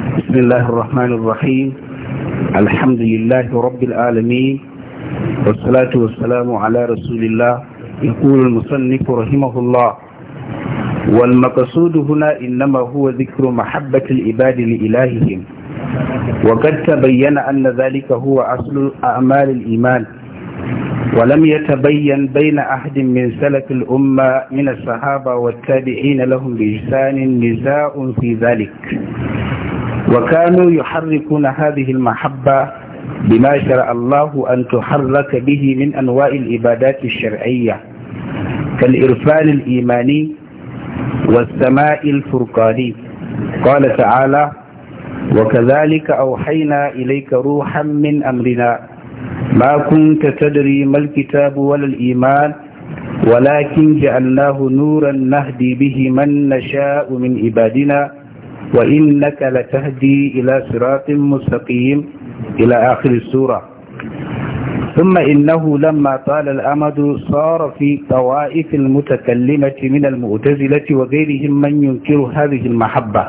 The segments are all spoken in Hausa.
بسم الله الرحمن الرحيم الحمد لله رب العالمين والصلاة والسلام على رسول الله يقول المصنف رحمه الله والمقصود هنا إنما هو ذكر محبة العباد لإلههم وقد تبين أن ذلك هو أصل أعمال الإيمان ولم يتبين بين أحد من سلف الأمة من الصحابة والتابعين لهم بإحسان نزاع في ذلك وكانوا يحركون هذه المحبة بما شرع الله أن تحرك به من أنواع العبادات الشرعية كالإرفان الإيماني والسماء الفرقاني قال تعالى وكذلك أوحينا إليك روحا من أمرنا ما كنت تدري ما الكتاب ولا الإيمان ولكن جعلناه نورا نهدي به من نشاء من عبادنا وإنك لتهدي إلى صراط مستقيم إلى آخر السورة ثم إنه لما طال الأمد صار في طوائف المتكلمة من المؤتزلة وغيرهم من ينكر هذه المحبة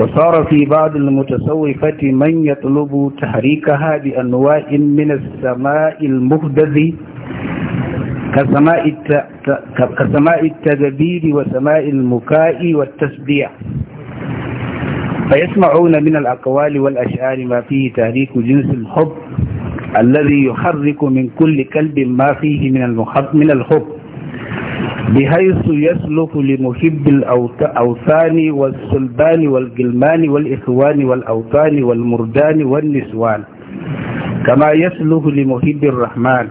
وصار في بعض المتصوفة من يطلب تحريكها بأنواع من السماء المهدذ كسماء التدبير وسماء المكاء والتسبيح فيسمعون من الأقوال والأشعار ما فيه تهريك جنس الحب الذي يحرك من كل كلب ما فيه من من الحب بحيث يسلك لمحب الأوثان والصلبان والجلمان والإخوان والأوثان والمردان والنسوان كما يسلك لمحب الرحمن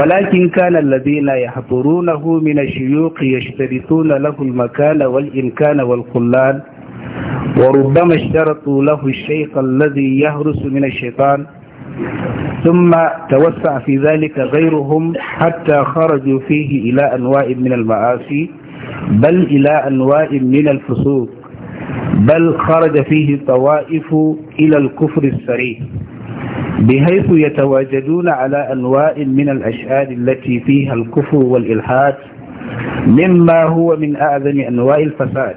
ولكن كان الذين يحضرونه من الشيوخ يشترطون له المكان والإمكان والخلان وربما اشترطوا له الشيخ الذي يهرس من الشيطان ثم توسع في ذلك غيرهم حتى خرجوا فيه إلى أنواع من المعاصي بل إلى أنواع من الفسوق بل خرج فيه طوائف إلى الكفر السريع بحيث يتواجدون على أنواع من الأشهاد التي فيها الكفر والإلحاد مما هو من أعظم أنواع الفساد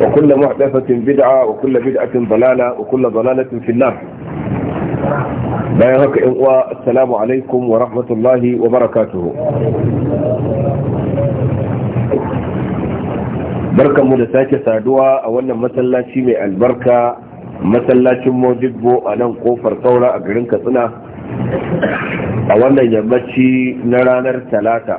وكل محدثة بدعة وكل بدعة ضلالة وكل ضلالة في النار bayan haka yan uwa "Salamu alaikum wa rahmatullahi wa barakatuhu barkanmu da sake saduwa a wannan masallaci mai albarka masallacin mojibbo a nan ƙofar saura a garin katsina a wannan yammaci na ranar talata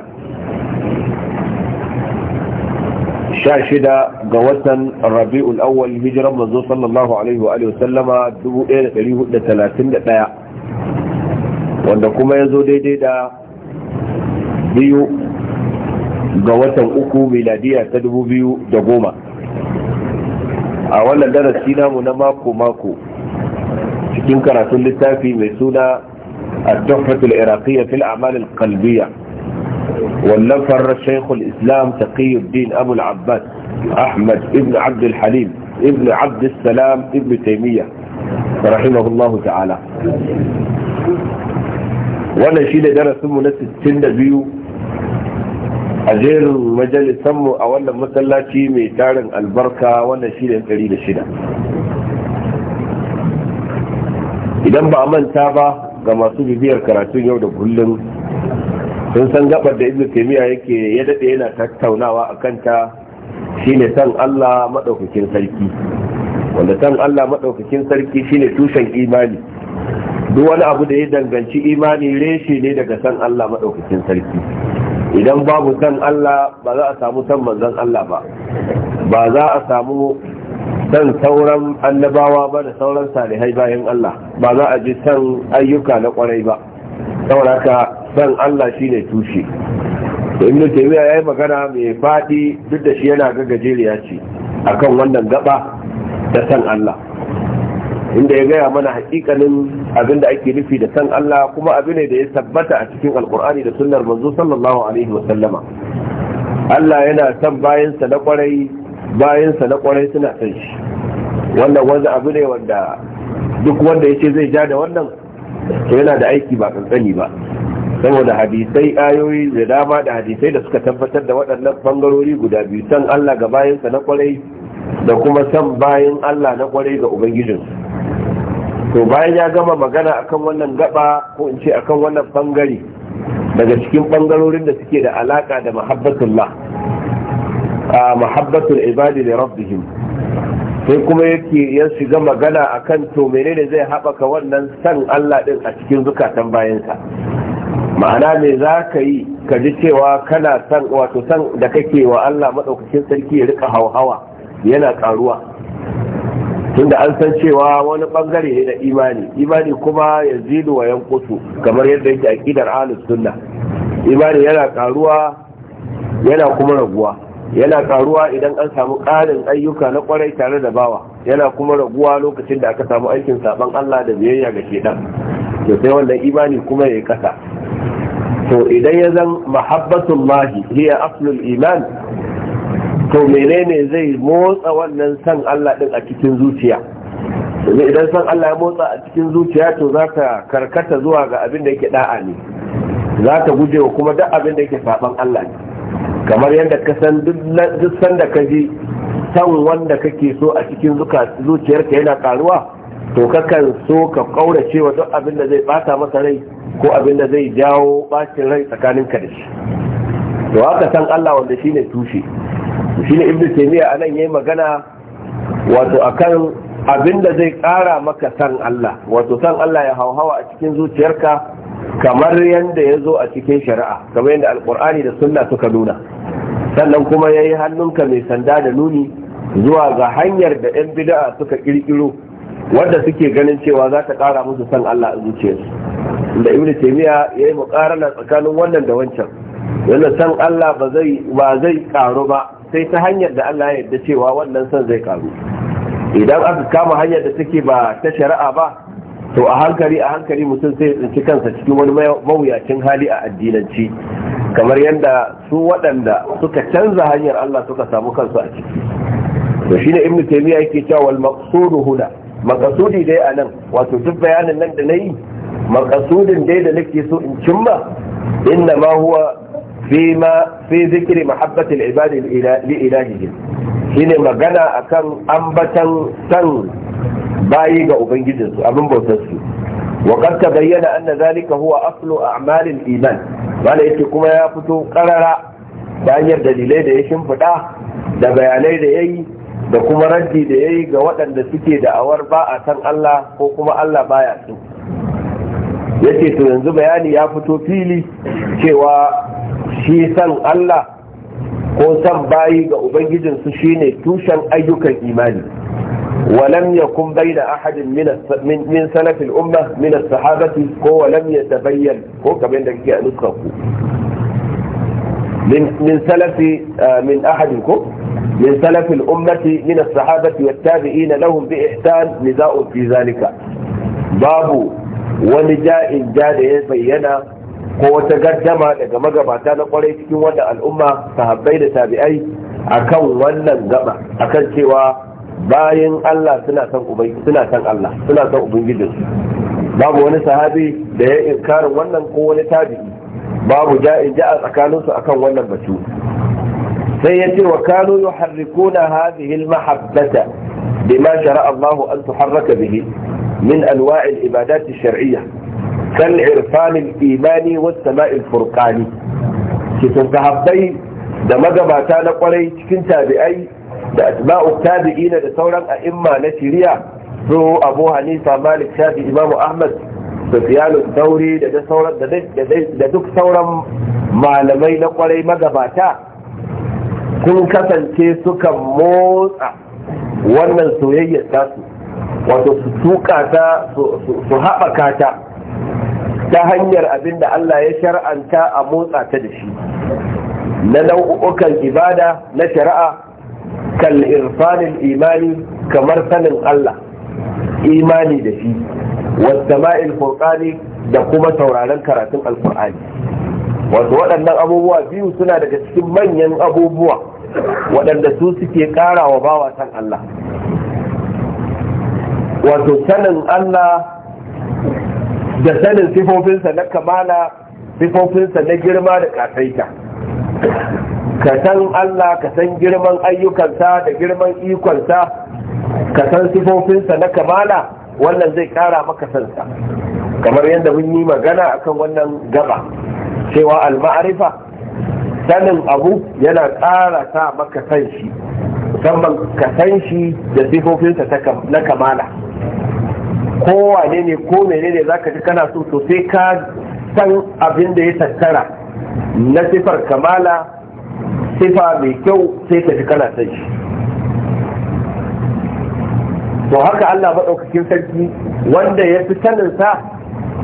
sha shida ga watan rabi'ul awwal hijiran manzo sallallahu alaihi wa alihi sallama 1431 wanda kuma ya zo daidai da biyu ga watan uku miladiya ta 2010 a wannan darasi namu na mako-mako cikin karatun littafi mai suna a tuffatul iraqiyya fil a'mal al-qalbiyya والنفر شيخ الإسلام تقي الدين أبو العباس أحمد ابن عبد الحليم ابن عبد السلام ابن تيمية رحمه الله تعالى wannan shi ne darasinmu na 62 a jerin majalisanmu a wannan masallaci mai tarin albarka wannan shi ne 106 idan ba a manta ba ga masu bibiyar karatun yau da kullum sun san gabar da ibn taymiya yake ya dade yana tattaunawa akan ta shine san Allah madaukakin sarki wanda san Allah madaukakin sarki shine tushen imani duk wani abu da ya danganci imani reshe ne daga san Allah madaukakin sarki idan babu san Allah ba za a samu san manzon Allah ba ba za a samu san sauran annabawa ba da sauran salihai bayan Allah ba za a ji san ayyuka na kwarai ba saboda san Allah shi ne tushe ibn ya yi magana mai faɗi duk da shi yana ga gajeriya ce kan wannan gaba da san Allah inda ya gaya mana hakikanin abin da ake nufi da san Allah kuma abu ne da ya tabbata a cikin alkur'ani da sunnar manzo sallallahu alaihi wa sallama Allah yana san bayansa na kwarai bayansa na kwarai suna san shi wannan wanda abu ne wanda duk wanda ya ce zai ja da wannan to yana da aiki ba kankani ba saboda hadisai ayoyi da dama da hadisai da suka tabbatar da waɗannan bangarori guda biyu san Allah ga bayansa na kwarai da kuma san bayan Allah na kwarai ga ubangijin to bayan ya gama magana akan wannan gaba ko in ce akan wannan bangare daga cikin bangarorin da suke da alaka da mahabbatullah a mahabbatul ibadi li rabbihim sai kuma yake ya shiga magana akan to menene zai haɓaka wannan san Allah din a cikin zukatan bayansa ma'ana ne za ka yi ka ji cewa kana san wato san da kake wa Allah maɗaukacin sarki ya rika hauhawa yana karuwa tunda an san cewa wani bangare ne na imani imani kuma ya zidu wa yankusu kamar yadda yake aqidar ahlus sunna imani yana karuwa yana kuma raguwa yana karuwa idan an samu ƙarin ayyuka na kwarai tare da bawa yana kuma raguwa lokacin da aka samu aikin saban Allah da biyayya ga shedan to sai wannan imani kuma ya yi kasa to idan ya zan mahi, hiya aslul iman to menene zai motsa wannan san Allah ɗin a cikin zuciya idan san Allah ya motsa a cikin zuciya to za ka karkata zuwa ga abin da yake da'a ne za ka guje wa kuma duk abin da yake saban Allah ne kamar yadda ka san duk sanda ka ji san wanda kake so a cikin zuciyarka yana karuwa to kakan so ka ƙaurace wa duk abin da zai bata masa rai ko abin da zai jawo bakin rai tsakanin ka da shi to haka san Allah wanda shine tushe shine ibnu taymiya anan yayi magana wato akan abin da zai kara maka san Allah wato san Allah ya hauhawa a cikin zuciyarka kamar yadda ya zo a cikin shari'a kamar yadda alkur'ani da sunna suka nuna sannan kuma yayi yi hannunka mai sanda da nuni zuwa ga hanyar da 'yan bid'a suka kirkiro wanda suke ganin cewa za ta kara musu san Allah a zuciyarsu da ibn taymiya yayi muqarana tsakanin wannan da wancan yana san Allah ba zai ba zai karu ba sai ta hanyar da Allah ya yarda cewa wannan san zai karu idan aka kama hanyar da take ba ta shari'a ba to a hankali a hankali mutum sai ya tsinci kansa cikin wani mawuyacin hali a addinanci kamar yadda su waɗanda suka canza hanyar Allah suka samu kansu a ciki to shine ibnu taymiya yake cewa wal maqsudu huna maqsudi dai anan wato duk bayanin nan da nayi makasudin dai da nake so in cimma inna ma huwa fi ma fi zikri mahabbati al-ibad li ilahihi shine magana akan ambatan san bayi ga su abin bautar su wa qad tabayyana anna zalika huwa aslu a'mal al-iman wala yake kuma ya fito karara ta hanyar dalilai da ya shimfiɗa da bayanai da yayi da kuma raddi da yayi ga waɗanda suke da'awar ba a san Allah ko kuma Allah baya su ya ce to yanzu bayani ya fito fili cewa shi san Allah ko san bayi ga ubangijinsu shine tushen ayyukan imani ولم يكن بين أحد من من من سلف الأمة من الصحابة هو لم يتبين هو كمان ده كده نسخة من من سلف من أحدكم من سلف الأمة من الصحابة والتابعين لهم بإحسان نداء في ذلك باب wani ja'in ja da ya bayyana ko wata gardama daga magabata na kwarai cikin wanda al'umma sahabbai da tabi'ai akan wannan gaba akan cewa bayan Allah suna san suna san Allah suna san babu wani sahabi da ya inkarin wannan ko wani tabi'i babu ja'in ja'a tsakanin su akan wannan batu sai ya ce wa kanu yuharrikuna hadhihi al-mahabbata bima shara'a Allah an tuharraka bihi Min من أنواع العبادات الشرعية كالعرفان الإيماني والسماء الفرقاني كتنتهبتين da magabata na kwarai cikin tabi'ai da asba'u tabi'ina da sauran a'imma na shiriya su abu hanifa malik shafi imamu ahmad sufyanu sauri da duk sauran malamai na kwarai magabata kun kasance sukan motsa wannan soyayyar tasu wato su tuka ta su haɓaka ta ta hanyar abin da Allah ya shar'anta a motsa ta da shi na nau'ukan ibada na shari'a kal irfanin imani kamar sanin Allah imani da shi wasama'il furqani da kuma tauraron karatun alkur'ani wato waɗannan abubuwa biyu suna daga cikin manyan abubuwa waɗanda su suke ƙara wa bawa san Allah wato sanin Allah da sanin sifofinsa na kamala sifofinsa na girma da kasaita ka san Allah ka san girman ayyukansa da girman ikonsa ka san sifofinsa na kamala wannan zai kara maka sansa kamar yadda mun yi magana akan wannan gaba cewa al sanin abu yana kara sa maka san shi musamman ka san shi da sifofinsa na kamala Ko wane ne ko menene za ka ji kana so to sai ka san abin da ya tattara na sifar kamala sifa mai kyau sai ka ji kana san shi to haka Allah maɗaukakin sarki wanda ya fi saninsa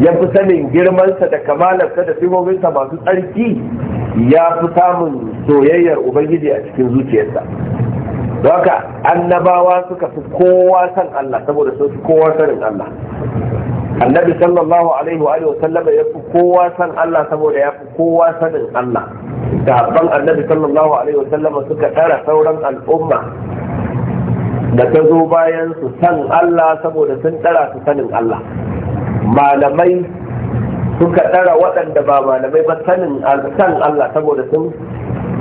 ya fi sanin girmansa da kamalarsa da sifofinsa masu tsarki ya fi samun soyayyar ubangiji a cikin zuciyarsa don haka annabawa suka fi kowa san Allah saboda sun fi kowa sanin Allah annabi sallallahu alaihi wa sallama ya fi kowa san Allah saboda ya fi kowa sanin Allah gaban annabi sallallahu alaihi wa sallama suka tara sauran al'umma da ta zo bayan su san Allah saboda sun tara su sanin Allah malamai suka tara waɗanda ba malamai ba sanin san Allah saboda sun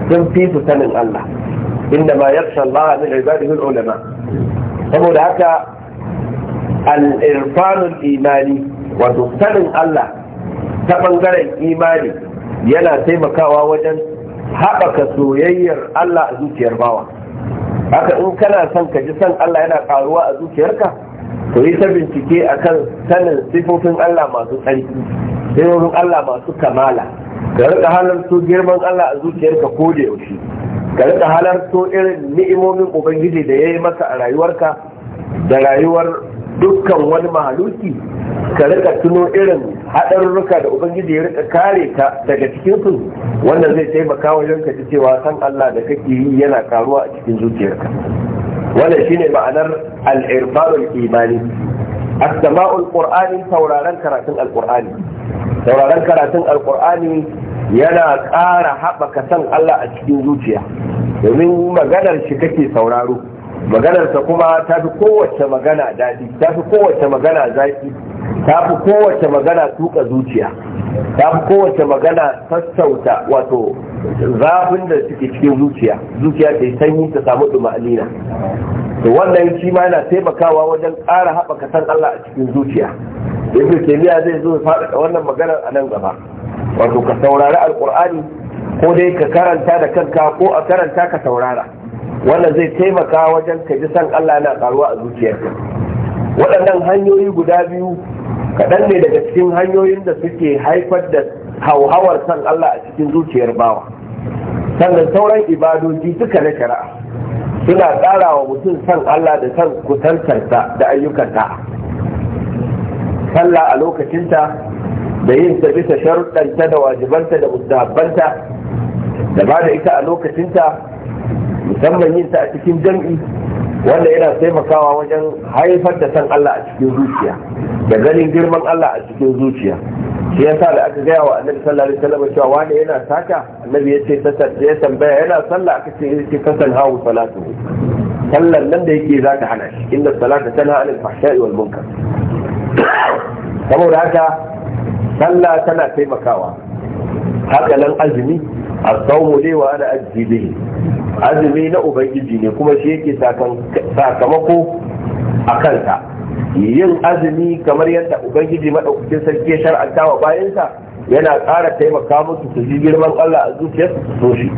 fi su sanin Allah inda ma yakhsha Allah min ibadihi ulama saboda haka al imani wato sanin Allah ta ɓangaren imani yana taimakawa wajen haɓaka soyayyar Allah a zuciyar bawa haka in kana son ka ji son Allah yana ƙaruwa a zuciyarka ku yi ta bincike a kan sanin sifofin Allah masu tsarki sifofin Allah masu kamala ka rika halarto girman Allah a zuciyarka ko da yaushe ka rika halarto irin ni'imomin ubangiji da ya yi maka a rayuwarka da rayuwar dukkan wani mahaluki ka rika tuno irin haɗarurruka da ubangiji ya rika kare ka daga cikin su wannan zai taimaka wajen ka ji cewa san Allah da kake yi yana karuwa a cikin zuciyarka wannan shine ma'anar al-irfarul imani as-sama'ul qur'ani karatun al-qur'ani Sauraron karatun al-qur'ani yana ƙara haɓaka san Allah a cikin zuciya domin maganar shi kake sauraro maganarsa kuma ta fi kowace magana daɗi ta fi kowace magana zaki ta fi kowace magana tuka zuciya ta fi kowace magana sassauta wato zafin da suke cikin zuciya zuciya ta yi sanyi ta samu ɗuma'alina to wannan shi ma yana taimakawa wajen ƙara haɓaka san Allah a cikin zuciya ibn taymiya zai zo faɗaɗa wannan maganar a nan gaba wato ka saurari alƙur'ani ko dai ka karanta da kanka ko a karanta ka saurara wannan zai taimaka wajen ka ji san Allah yana karuwa a zuciyarka waɗannan hanyoyi guda biyu kaɗan ne daga cikin hanyoyin da suke haifar da hauhawar san Allah a cikin zuciyar bawa sannan sauran ibadoji duka na shari'a suna ƙara wa mutum san Allah da san kusantarsa da ayyukanta sallah a lokacinta da yin ta bisa sharuɗanta da wajibanta da musabbanta da ba da ita a lokacinta musamman yin ta a cikin jam'i wanda yana taimakawa wajen haifar da san Allah a cikin zuciya da ganin girman Allah a cikin zuciya shi yasa da aka gaya wa annabi sallallahu alaihi wasallam cewa wanda yana saka annabi ya ce ya tambaya yana sallah aka ce yake kasan hawu salatu sallan nan da yake zaka hana shi inna salata tana anil fahsha'i wal munkar saboda haka sallah tana taimakawa haka nan azumi as ne wa ana ajzi azumi na ubangiji ne kuma shi yake sakamako a kansa yin azumi kamar yadda ubangiji maɗaukakin sarki ya shar'anta wa bayansa yana ƙara taimaka musu su ji girman Allah a zuciyarsu su so shi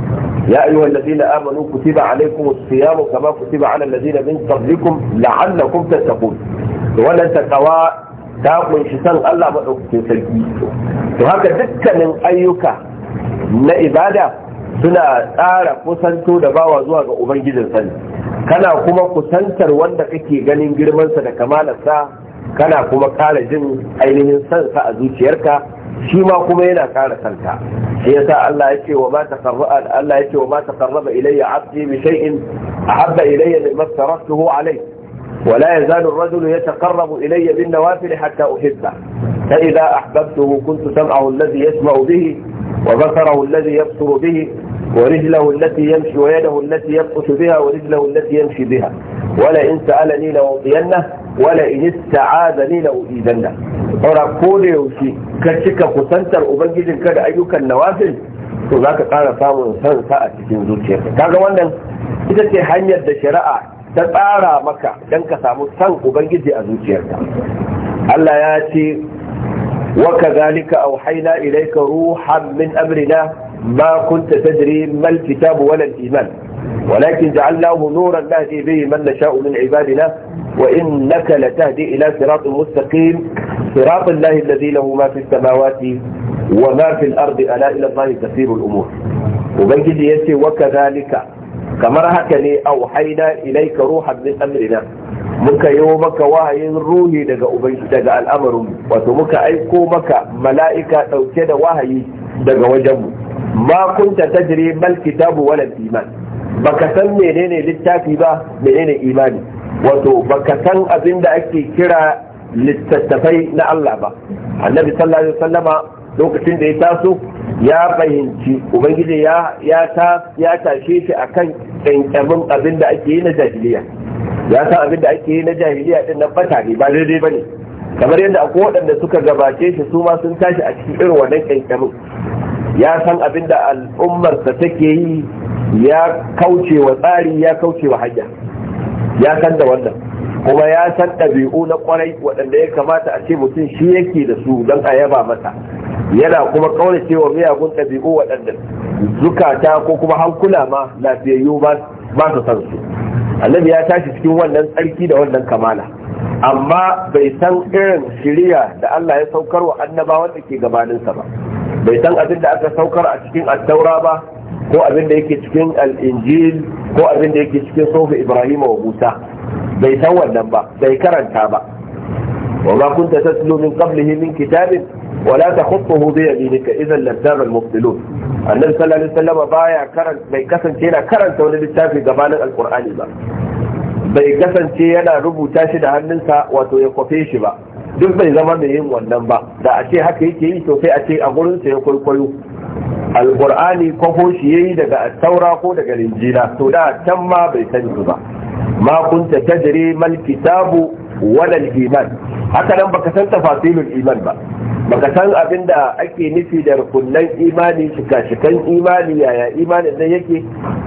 ya ayu allazina amanu kutiba alaykum as-siyamu kama kutiba ala allazina min qablikum la'allakum tattaqun wannan takawa ta kunshi san Allah madaukakin sarki to haka dukkanin ayyuka na ibada suna tsara kusanto da bawa zuwa ga ubangijin sani kana kuma kusantar wanda kake ganin girmansa da kamalarsa kana kuma kara jin ainihin sansa a zuciyarka shi ma kuma yana kara santa shi yasa Allah yake wa ma taqarraba Allah yake wa ma taqarraba ilayya 'abdi bi shay'in ahabba ilayya mimma taraktuhu alayhi ولا يزال الرجل يتقرب إلي بالنوافل حتى أحبه فإذا أحببته كنت سمعه الذي يسمع به وبصره الذي يبصر به ورجله التي يمشي ويده التي يبطش بها ورجله التي يمشي بها ولئن سألني لأعطينه ولئن استعاذني لأؤيدنه saura ko da yaushe ka cika kusantar ubangijin ka da ayyukan nawafil to zaka ƙara samun إذا sa a ta tsara maka dan ka samu san ubangiji a zuciyarka Allah ya ce waka zalika a haina ilaika ruhan min amrina ma kunta ta jiri mal kitabu walal iman walakin ji Allah mu nuran da ke bai man ibadina wa in naka la tahdi ila siratun mustaqim siratun lahi lazi lahu ma fi samawati wa ma fi al'ardi ala ila zahi tasirul umur ubangiji ya ce waka zalika kamar haka ne a haida ilaika ruhan min amrina muka yi maka wahayin ruhi daga ubangiji daga al'amarin wato muka aiko maka mala'ika ɗauke da wahayi daga wajenmu ma kunta tajri bal kitabu wala iman baka san menene littafi ba menene imani wato baka san abin da ake kira littattafai na Allah ba annabi sallallahu alaihi wasallama lokacin da ya taso ya fahimci ubangiji ya tashe shi akan kyankyamin abin da ake yi na jahiliya ya san abin da ake yi na jahiliya din na bata ne ba daidai bane kamar yadda akwai waɗanda suka gabace shi su ma sun tashi a cikin irin wannan kyankyamin ya san abin da al'ummarsa take yi ya kauce wa tsari ya kauce wa hanya ya san da wannan kuma ya san ɗabi'u na kwarai waɗanda ya kamata a ce mutum shi yake da su don a yaba masa yana kuma kaurace cewa miyagun ɗabi'u waɗanda zukata ko kuma hankula ma lafiyayyu ba su san su annabi ya tashi cikin wannan tsarki da wannan kamala amma bai san irin shiriya da Allah ya saukar wa annabawan da ke gabaninsa ba bai san abin da aka saukar a cikin attaura ba ko abin da yake cikin al'injil ko abin da yake cikin sofa ibrahima wa musa bai san wannan ba bai karanta ba wa ma kunta tatlu min qablihi min kitabin ولا تخطه بيمينك اذا لابتغى المبطلون النبي صلى الله عليه وسلم بايا كرن bai kasance yana karanta wani littafi gabanin alqur'ani ba bai kasance yana rubuta shi da hannunsa wato ya kwafe shi ba duk bai zama mai yin wannan ba da a ce haka yake yi to sai a ce a gurin sa ya kwaikwayo alqur'ani kwafo shi yayi daga taura ko daga linjila to da can ma bai sani ba ma kunta tadri mal kitabu wala iman haka nan baka san tafasilul iman ba baka san abin da ake nufi da rukunnan imani shika-shikan imani yaya imanin nan yake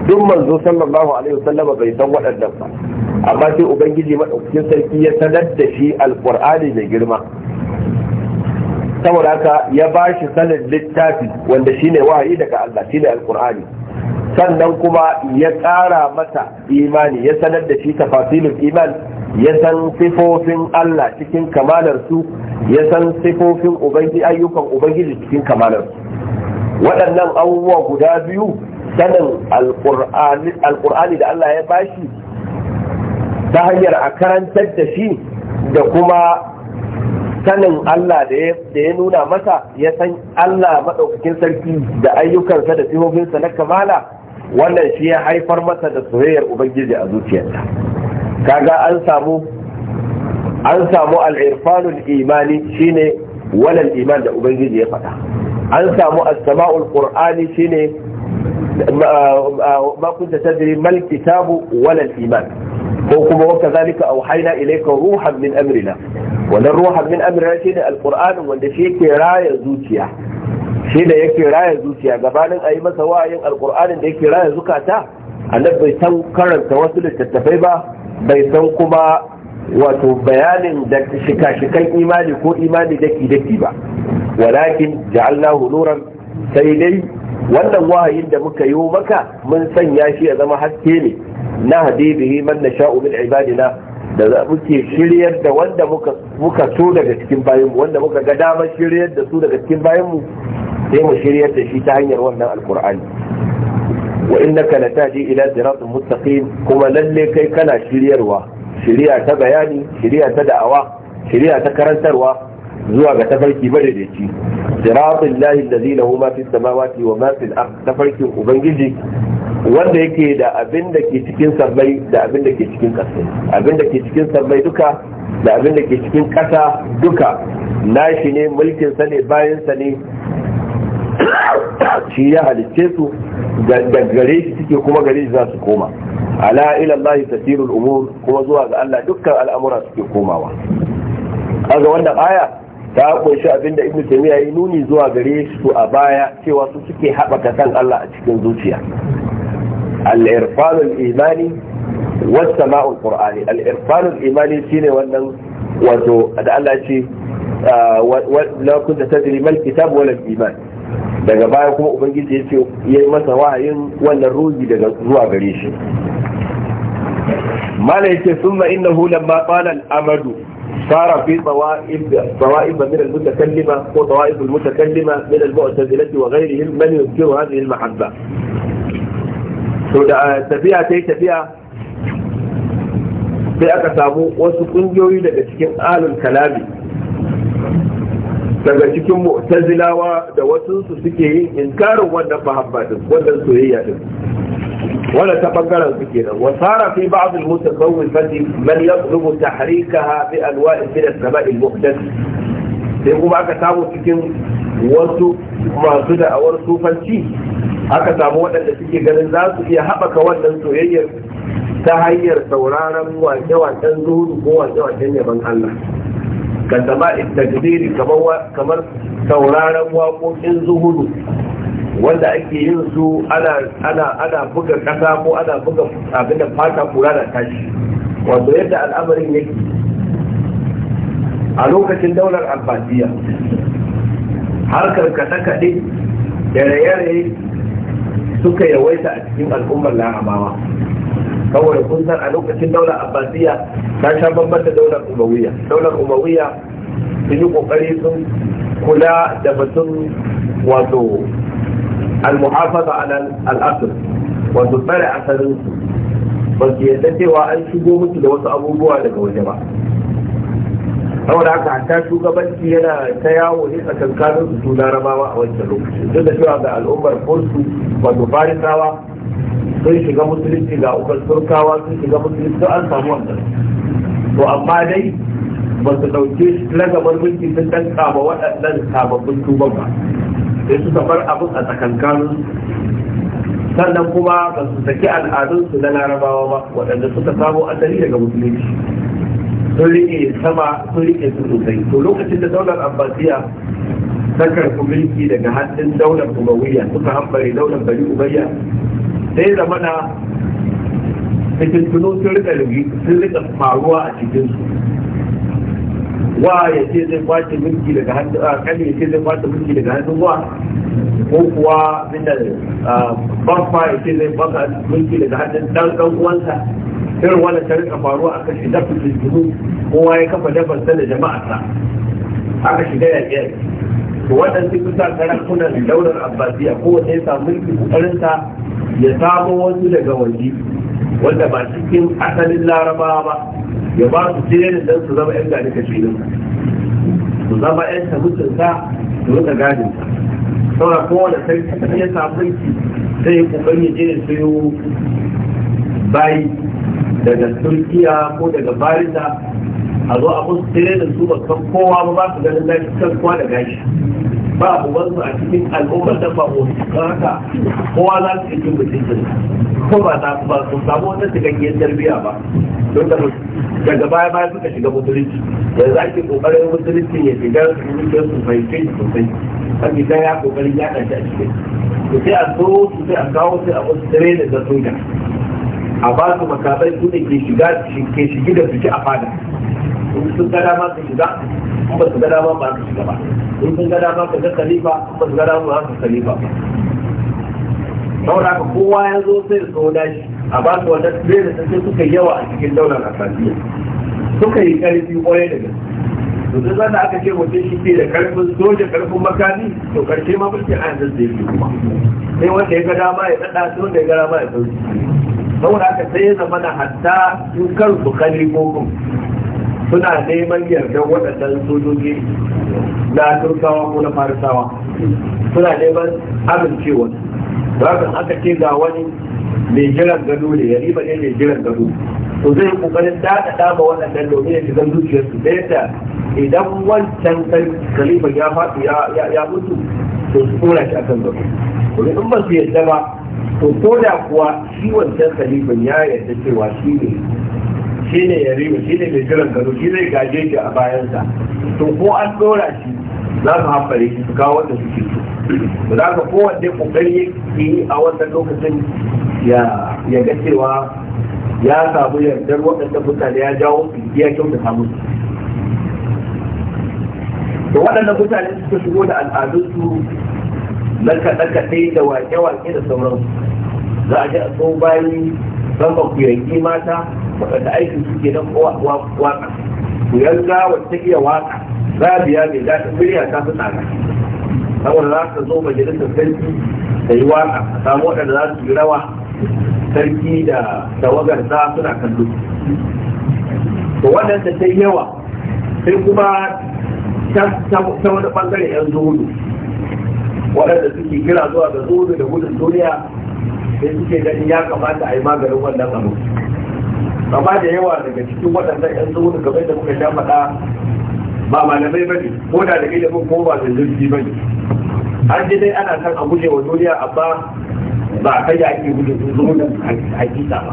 duk manzo sallallahu alaihi wasallama bai san waɗannan ba amma sai ubangiji madaukakin sarki ya sanar da shi alqur'ani mai girma saboda haka ya ba shi sanin littafi wanda shine wahayi daga Allah shine alqur'ani sannan kuma ya ƙara masa imani ya sanar da shi tafasilin iman ya san sifofin Allah cikin kamalarsu ya san sifofin ubangiji ayyukan ubangiji cikin kamalarsu waɗannan abubuwa guda biyu sanin alƙur'ani da Allah ya bashi ta hanyar a karantar da shi da kuma sanin Allah da ya nuna masa ya san Allah maɗaukakin sarki da ayyukansa da sihofinsa na kamala wannan shi ya haifar mata da soyayyar ubangiji a zuciyarta. kaga an samu an samu al'irfanul imani shine walal iman da ubangiji ya faɗa an samu as-sama'ul qur'ani shine ma kunta tadri mal kitabu walal iman ko kuma waka zalika auhayna ilayka ruhan min amrina wannan ruhan min amrina shine al-qur'an wanda shi ke raya zuciya shi da yake raya zuciya gabanin a yi masa wa'ayin alkur'anin da yake raya zukata annabi bai san karanta wasu littattafai ba bai san kuma wato bayanin da shika-shikan imani ko imani daki-daki ba walakin allahu nuran sai dai wannan wahayin da muka yi maka mun sanya shi ya zama haske ne na hadibihi man nasha'u min ibadina da za muke shiryar da wanda muka so daga cikin bayanmu wanda muka ga damar shiryar da su daga cikin bayanmu sai mu shiryar da shi ta hanyar wannan alkur'ani wa innaka lataji ila siratin mustaqim kuma lalle kai kana shiryarwa shiriya ta bayani shiriya ta da'awa shiriya ta karantarwa zuwa ga tafarki madaidaici siratin lahi allazi lahu ma fis samawati wa ma fil ard tafarkin ubangiji wanda yake da abin da ke cikin sabbai da abin da ke cikin ƙasa abin da ke cikin sabbai duka da abin da ke cikin ƙasa duka nashi ne mulkin sa ne bayan sa ne shi ya halicce su da gare shi suke kuma gare shi za su koma ala ila Allah tasirul umur kuma zuwa ga Allah dukkan al'amura suke komawa kaga wannan aya ta kunshi da ibnu taymiya yi nuni zuwa gare su a baya cewa su suke haɓaka san Allah a cikin zuciya al-irfan imani was sama'u al-qur'ani al imani shine wannan wato da Allah ce wala iman daga baya kuma ubangiji ya ce ya masa wahayin wannan ruhi daga zuwa gare shi mala yace thumma innahu lamma qala al-amadu صار في طوائف طوائف من المتكلمه وطوائف المتكلمه من المعتزله وغيرهم من ينكر هذه المحبه to da tafiya ta yi tafiya sai aka samu wasu kungiyoyi daga cikin alul kalami daga cikin mu'tazilawa da wasu su suke yin inkarin wannan mahabba din wannan soyayya din wanda ta bangaren su kenan wa sara fi ba'd al mutasawwifati man yaqdubu tahrikaha bi anwa'i min as-sama'i al-muhdath sai kuma aka samu cikin wasu masu da'awar sufanci aka samu waɗanda suke ganin za su iya haɓaka wannan soyayyar ta hanyar sauraron wake-waken zuhudu ko wake-waken yaban Allah ka sama takbiri kamar sauraron waƙoƙin zuhudu wanda ake yin su ana buga ƙasa ko ana buga abin da fata kura da tashi wato yadda al'amarin yake a lokacin daular abbasiya harkar kaɗe-kaɗe da raye-raye suka yawaita a cikin al'ummar larabawa Kawai kun san a lokacin daular abbasiya ta sha bambam da daular umawiya daular umawiya sun yi kokari sun kula da batun wato al-muhafaza al-asr wato tsare asalinsu. ba su yadda cewa an shigo mutu da wasu abubuwa daga waje ba saboda haka hatta shugabanci yana ta yawo ne tsakankanin su larabawa a wancan lokacin duk da cewa ga al'ummar kursu wato farisawa sun shiga musulunci ga ukar turkawa sun shiga musulunci an samu wannan to amma dai ba su ɗauke lagabar mulki sun ɗan kama waɗannan sababbin tuban ba sai su bar abin a tsakankanin sannan kuma ba su saki al'adunsu na larabawa ba waɗanda suka samo asali daga musulunci sun rike sama sun rike su sosai to lokacin da daular abbasiya ta karfi mulki daga hannun daular umawiya suka hambare daular bari umayya sai zamana fitintuno sun rika rubi sun rika faruwa a cikinsu wa ya ce zai kwace mulki daga hannu a kan ya ce zai kwace mulki daga hannun wa ko kuwa bin da ya ce zai kwace mulki daga hannun dan dan uwansa irin wanda ta rika faruwa a kashi dafa jirgin kowa ya kafa dabar sa da jama'a sa aka shiga yaƙi to waɗansu kusa sarakunan daular abbasiya Ko ya samu mulki kokarinsa ya samo wasu daga waje wanda ba cikin asalin larabawa ba ya ba su tirenin don su zama 'yan gani kashirin su zama 'yan tamutunsa su rika gadin saboda kowane sai ya samu aiki sai ya kokari ya je ya sayo bayi daga turkiya ko daga Farisa, a zo a musu tirenin su ba san kowa ba ba su ganin gashi kan kowa da gashi ba ubansu a cikin al'ummar da ba uwan haka kowa za su mutum da ko ba za su ba su samu wata cikakkiyar tarbiyya ba don da daga baya baya suka shiga musulunci za ki kokarin musulunci ya shiga musulunci su kai su sosai an yi ya kokarin yaɗa shi a cikin to sai a so su sai a kawo sai a wasu tare da da soja a ba su makabai su ne ke shiga ke shigi da su ci a fada in sun ga dama ka shiga in ba su ga dama ba ka shiga ba in sun ga dama ka ga khalifa in ba su ga dama ba ka khalifa ba saboda haka kowa ya zo sai da tsoda shi a ba su wata tsere da sai suka yawa a cikin daular asaliya suka yi karfi kwarai da gaske to duk wanda aka ce mutum shi ke da karfin soja karfin makami to karshe ma mulki a yanzu da yi kuma sai wanda ya ga dama ya tsada sai wanda ya ga dama ya sauki saboda haka sai ya zama da hatta in kar su kare ko suna neman yardar waɗannan sojoji na turkawa ko na farisawa suna neman amincewa don aka ce ga wani mai jiran gado ne ya riba ne mai jiran gado to zai kokarin daɗaɗa ma waɗannan domin ya shiga zuciyarsu da yadda idan wancan kalifan ya faɗi ya mutu to su kora shi akan gado domin in ba su yadda ba to ko da kuwa shi wancan kalifan ya yarda cewa shi ne shi ne ya riba shi ne mai jiran gado shi zai gaje shi a bayansa to ko an dora shi za su haɓare shi su kawo wanda suke so za ka kowanne kokari yi a wata lokacin ya ga cewa ya samu yardar waɗanda mutane ya jawo su ya kyauta samu da waɗannan mutane suka shigo da al'adunsu na kaɗe-kaɗe da wake-wake da sauransu za a ji a tsohon bayi don ba ku yanki mata waɗanda aikin su ke nan waka ku yanga wata iya waka biya mai daɗin murya ta fi tsada saboda za ka zo majalisar sarki da yi waka a samu waɗanda za su yi rawa sarki da tawagar ta suna kallo to waɗanda ta yi yawa sai kuma ta wani ɓangare yan zuhudu waɗanda suke kira zuwa ga zuhudu da gudun duniya sai suke ganin ya kamata a yi maganin wannan abu amma da yawa daga cikin waɗannan 'yan zuwa game da muka sha faɗa ba malamai ba ne ko da daga ilimin ko ba da zurfi ba ne an ji dai ana san a guje wa duniya amma ba a kai ake guje zuwa hakika ba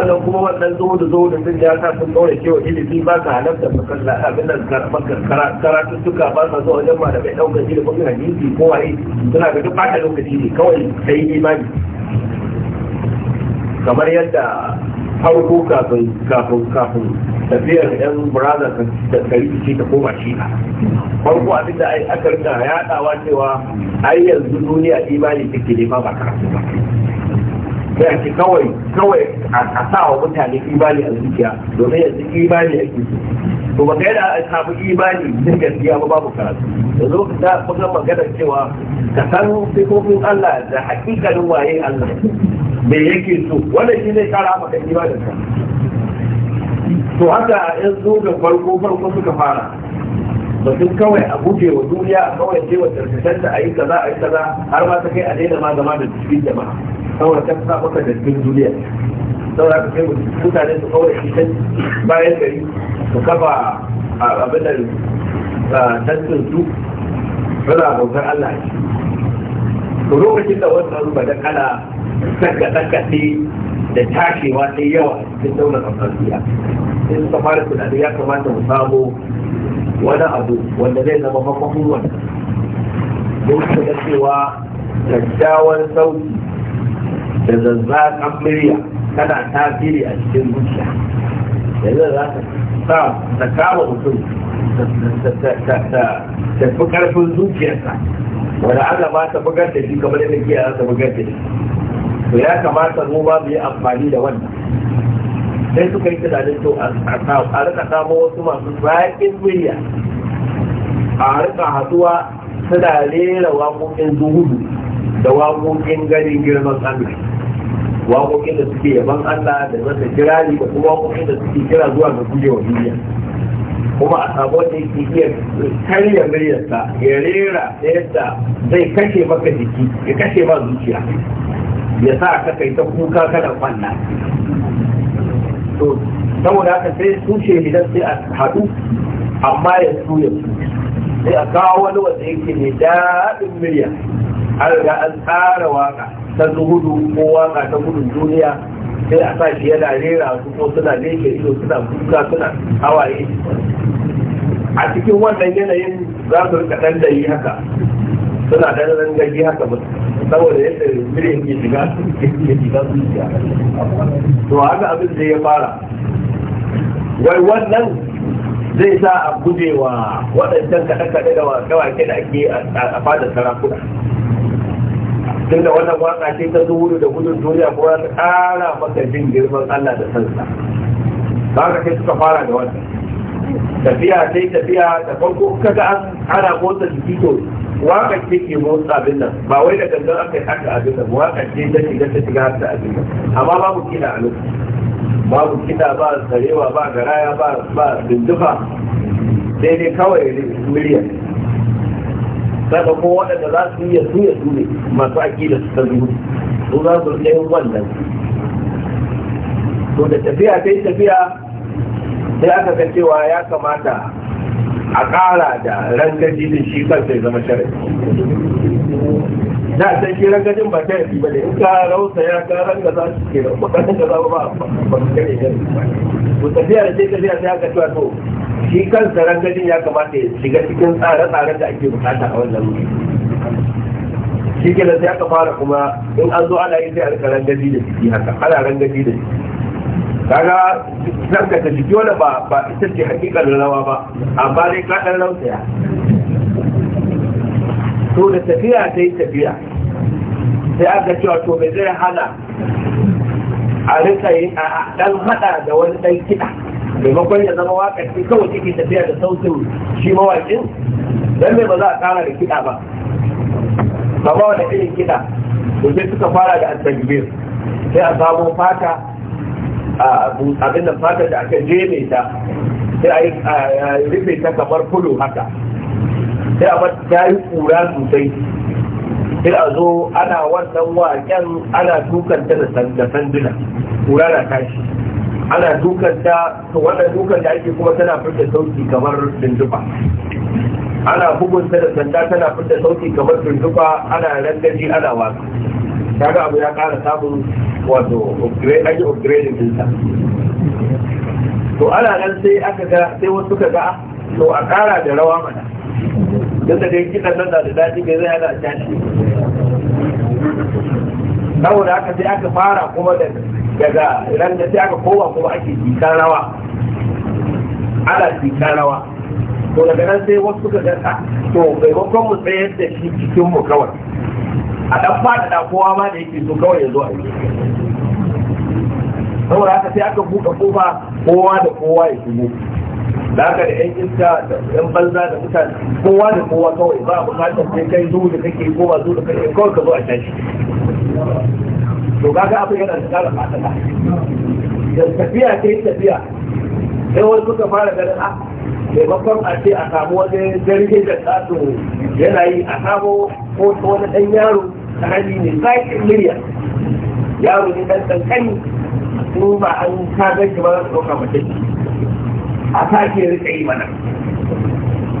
sannan kuma wannan zuwa da zuwa da sun ya sa sun ɗaure kewa ilimi ba sa halarta kan abin da nan karatuttuka ba sa zuwa wajen malamai ɗaukar ilimin hadisi ko waye suna ga duk ɓata lokaci ne kawai sai imani kamar yadda farko kafin kafin kafin tafiyar yan burada da ce ta koma shi farko abin da aka rika yadawa cewa ai yanzu duniya imani take nema ba karatu ba sai kawai kawai a sa wa mutane imani a zuciya domin yanzu imani ake to ba kai da a samu imani na gaskiya ba babu karatu Da ka da kuma magana cewa ka san sifofin Allah da hakikalin waye Allah me yake so wannan shi zai kara maka imanin ka to haka a yanzu da farko farko suka fara batun kawai a guje wa duniya a kawai ce wa tarkatar da a yi kaza a yi kaza har ma ta kai a daina ma zama da cikin jama'a saboda ta sa maka da cikin duniya saboda ka kai mutane su kawai shi ta bayan gari su kafa abin da tantin su suna bautar Allah to lokacin da wannan ba da kala tsakatsakai da tashewa ta yawa cikin daular afirka sai suka fara tunani ya kamata mu samu wani abu wanda zai zama mafafin wannan don su ga cewa kyakkyawan sauti da zazzakan murya tana tasiri a cikin zuciya yanzu za ta sa ta kama mutum ta fi karfin zuciyarsa wanda aka ba ta bugar da shi kamar yadda giya za ta bugar da shi to ya kamata mu ba mu yi amfani da wannan sai suka yi tunanin to a rika samo wasu masu zaƙin murya a rika haduwa suna rera waƙoƙin zuhudu da waƙoƙin ganin girman amurka waƙoƙin da suke yaban Allah da zata kirari da kuma waƙoƙin da suke kira zuwa ga wa duniya kuma a samu da yake iya karya muryarsa ya rera da yadda zai kashe maka jiki ya kashe ma zuciya ya sa ka kai ta kuka kana kwanna to saboda haka sai su ce idan sai a haɗu amma ya su ya su sai a kawo wani wanda yake mai daɗin murya har riga an tsara waƙa. ta zuhudu ko waka ta gudun duniya sai a sa shi yana rera su ko suna leke ido suna kuka suna hawaye a cikin wannan yanayin za su rika ɗan da yi haka suna ɗan ɗan da yi haka saboda yadda mire ke shiga ke shiga zuciya to haka abin da ya fara wai wannan zai sa a gujewa waɗancan kaɗe-kaɗe da wake da ake a fadar sarakuna tun da wannan waka ce ta zuwuri da gudun duniya kuma ta kara maka jin girman Allah da sansa ba ka ce suka fara da wannan tafiya sai tafiya da farko kaga an ana motsa jiki to waka ce ke motsa abin nan ba wai da gangan aka yi haka abin nan waka ce ta shiga ta shiga ta abin nan amma babu kina a lokaci babu kina ba sarewa ba garaya ba ba dindufa sai dai kawai miliyan kada ko waɗanda za su iya su ya su ne masu da su ta zuhu su za su rike wannan to da tafiya ta yi tafiya sai aka ga cewa ya kamata a ƙara da rangaji jirgin shi kansa ya zama shari'a da sai shi rangadin ba ta yi ba ne in ka rausa ya ka ranga za su ke da makarin da za ba ba ba su kare ne ku tafiya da sai tafiya sai aka cewa to shi kansa rangajin ya kamata ya shiga cikin tsare-tsaren da ake bukata a wannan wuri shi ke sai aka fara kuma in an zo ana yi sai a rika rangaji da jiki haka ana rangaji da jiki kaga sarkata jiki wani ba ba ita ce hakikalin rawa ba amma dai ka ɗan rausaya to da tafiya ta yi tafiya sai aka cewa to mai zai hana a rika yi a dan hada da wani dan kiɗa maimakon ya zama wakar ce kawai cikin tafiya da sautin shi mawakin dan mai ba za a kara da kiɗa ba ba ba wani irin kiɗa to sai suka fara da attajibir sai a samu fata abin da fata da aka je ta sai a rufe ta kamar kudu haka sai a ta yi kura sosai sai a zo ana wannan waken ana dukanta da sanduna kura na tashi ana dukanta wannan dukan da ake kuma tana fita sauki kamar dinduba ana bugunta da sanda tana fita sauki kamar dinduba ana rangaji ana waka kaga abu ya kara samun wato upgrade aji upgrade dinsa to ana nan sai aka ga sai wasu ka ga to a kara da rawa mana yadda dai kiɗan nan da daɗi bai zai hana tashi saboda haka sai aka fara kuma daga ran da sai aka kowa kuma ake jikan rawa ana jikan rawa to daga nan sai wasu suka ga to maimakon mu tsayar da shi cikin mu kawai a dan faɗaɗa kowa ma da yake so kawai ya zo a yi saboda haka sai aka buɗe kofa kowa da kowa ya shigo da aka da yan inda da yan banza da mutane kowa da kowa kawai ba a bukatar sai kai zuwa da kake ko ba zuwa da kake kawai ka zo a tashi to kaga abin yana da tsara fatata da tafiya ta tafiya sai wani suka fara ganin a ah, maimakon a ce a samu wani jirgin da tsato yana yi a samu ko wani ɗan yaro kanadi ne sakin miliyan. yaro ne ɗan ƙanƙani Su ba an kagar shi ba za su ɗauka mace a sake rika yi mana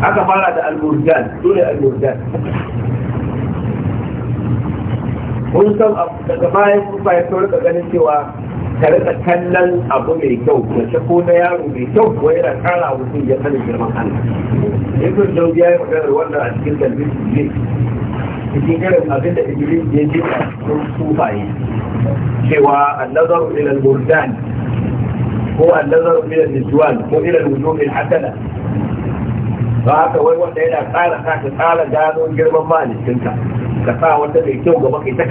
aka fara da al-murjan dole al-murjan kun san daga bayan kun bayan sun rika ganin cewa ka rika kallon abu mai kyau ta, ko na yaro mai kyau ko yana kara mutum ya sanin girman Allah yanzu da ya yi maganar wannan a cikin dalilin ne cikin irin abin da iblis ya ji a cikin sufaye cewa annazaru ila al-murjan ko annazar min da nijwan ko ila al-wujub al-hasana ba haka wai wanda yana tsara sa ka tsara gano girman malikinka ka sa wanda mai kyau gaba kai ta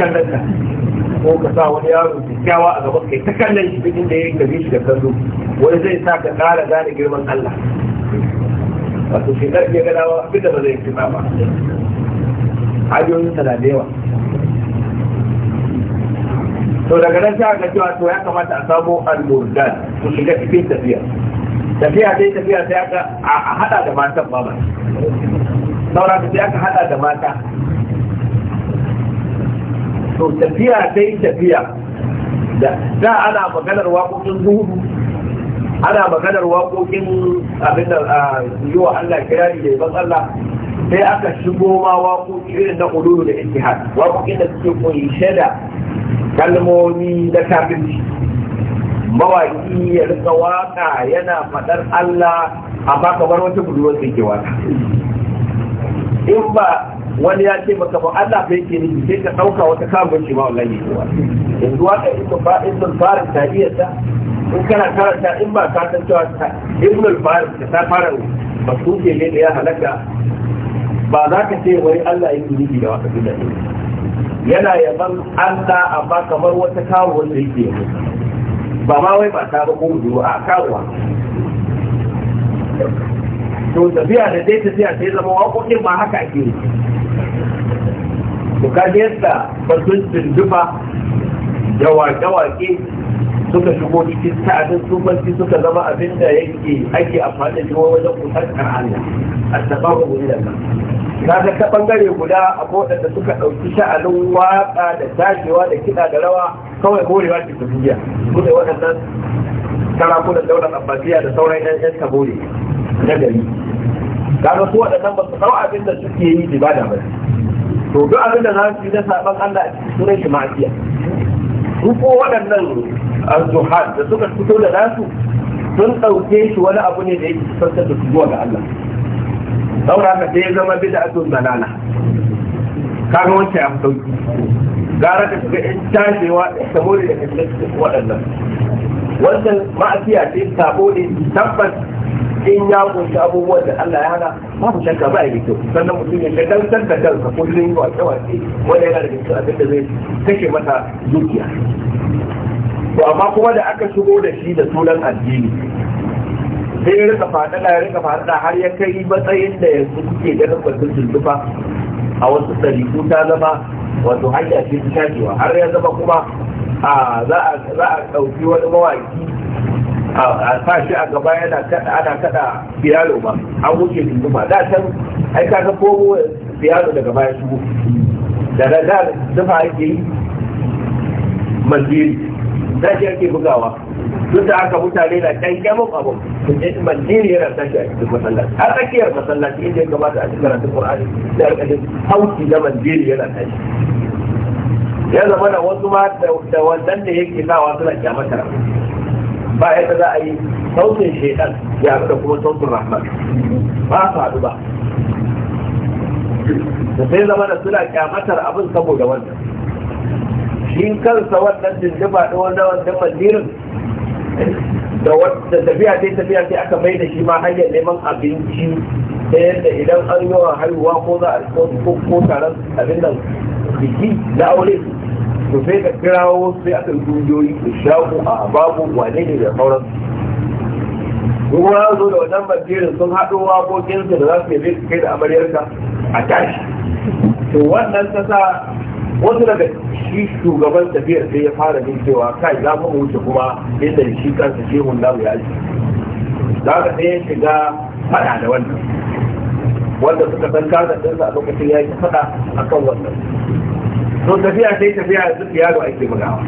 ko ka sa wani yaro kyakkyawa a gaban kai ta kallon shi cikin da ya gabe shi da kallo wani zai sa ka tsara gane girman Allah wato shi ɗarfe ba zai fi ba da yawa to daga nan sai ga cewa to ya kamata a samu al-murdan to shiga cikin tafiya tafiya dai tafiya sai aka a hada da mata ba ba saura sai aka hada da mata to tafiya dai tafiya da da ana maganar waƙoƙin zuhu, ana maganar waƙoƙin abin da yi wa Allah kirari da ibas Allah sai aka shigo ma waƙoƙi irin na ululu da ittihad waƙoƙin da suke koyi da kalmomi na kafirci mawaki ya rika waka yana faɗar Allah amma kamar wata budurwar da ke waka in ba wani ya ce maka ba Allah bai ke ne sai ka ɗauka wata kamun shi ma wallahi ke waka yanzu waka in ba in sun fara tariyarsa in kana karanta in ba ka san cewa ta al-faris ka ta fara su ke ne da ya halaka ba za ka ce wai Allah ya yi nufi da waka bid'a yana yaban Allah amma kamar wata kawo wanda yake ba ma wai ba ta ba ko a kawo to tafiya da dai tafiya sai zama waƙoƙin ba haka ake yi to kaji yadda batun tunduba da waƙe-waƙe suka shigo cikin ta'adun sufanci suka zama abin da yake ake amfani da shi wajen kusantar Allah a tafafa gudunar kaga ta bangare guda akwai waɗanda suka ɗauki sha'anin waƙa da tashewa da kiɗa da rawa kawai morewa ce tafiya su waɗannan sarakunan daular abbasiya da sauran yan yan kabore na gari kaga su waɗannan ba su ɗau abin da suke yi da ba to duk abin da za su yi na saɓan Allah a cikin sunan shi ma'asiya su ko waɗannan azuhar da suka fito da nasu sun ɗauke shi wani abu ne da yake fuskantar da su zuwa ga Allah saura ka sai ya zama tun zanana kaga wancan ya fito gara ka shiga in tashewa ta more da waɗannan wannan ma'asiya ce sabo ne tabbas in ya kunshi abubuwan da Allah ya hana babu shakka ba ya yi kyau sannan mutum ya shagaltar da kansa kullum yi wace wace wanda yana da cikin abin da zai kashe mata dukiya to amma kuma da aka shigo da shi da sunan addini sai ya rika faɗaɗa ya rika faɗaɗa har ya kai matsayin da yanzu kuke ganin batun tuntufa a wasu ko ta zama wato hanya ce ta shakewa har ya zama kuma za a ɗauki wani mawaki a sa shi a gaba yana kada ana kada biyalo ba an wuce tuntufa da can ai ka ga komo biyalo daga baya shigo da da da dafa yake yi manzili tashi ake bugawa duk da aka mutane na kyankyamin abu mandiri yana tashi a cikin masallaci a tsakiyar masallaci inda ya kamata a cikin karatun qur'ani da alƙalin hauki na mandiri yana tashi ya zama da wasu ma da wannan da yake sawa suna kyamata ba yadda za a yi sautin shaitan ya da kuma sautin rahman ba su haɗu ba da sai zama da suna kyamatar abin saboda wannan shi kansa wannan dindiba da wanda wanda mandirin da wanda tafiya sai tafiya sai aka mai da shi ma hanyar neman abinci ta yadda idan an yi wa haihuwa ko za a ko ko taron abin nan biki na aure su sai da kirawo sai aka yi dubiyoyi da shago a babu wane ne da sauran kuma zo da wannan bandirin sun haɗo waƙoƙinsu da za su yabe su kai da amaryarka a tashi to wannan ta sa wasu daga shi shugaban tafiyar sai ya fara jin cewa kai za mu wuce kuma inda shi kansa mun damu ya aji za ka sai shiga fada da wannan wanda suka san kaza ɗinsa a lokacin ya yi fada a kan wannan to tafiya sai tafiya yanzu yaro ake bugawa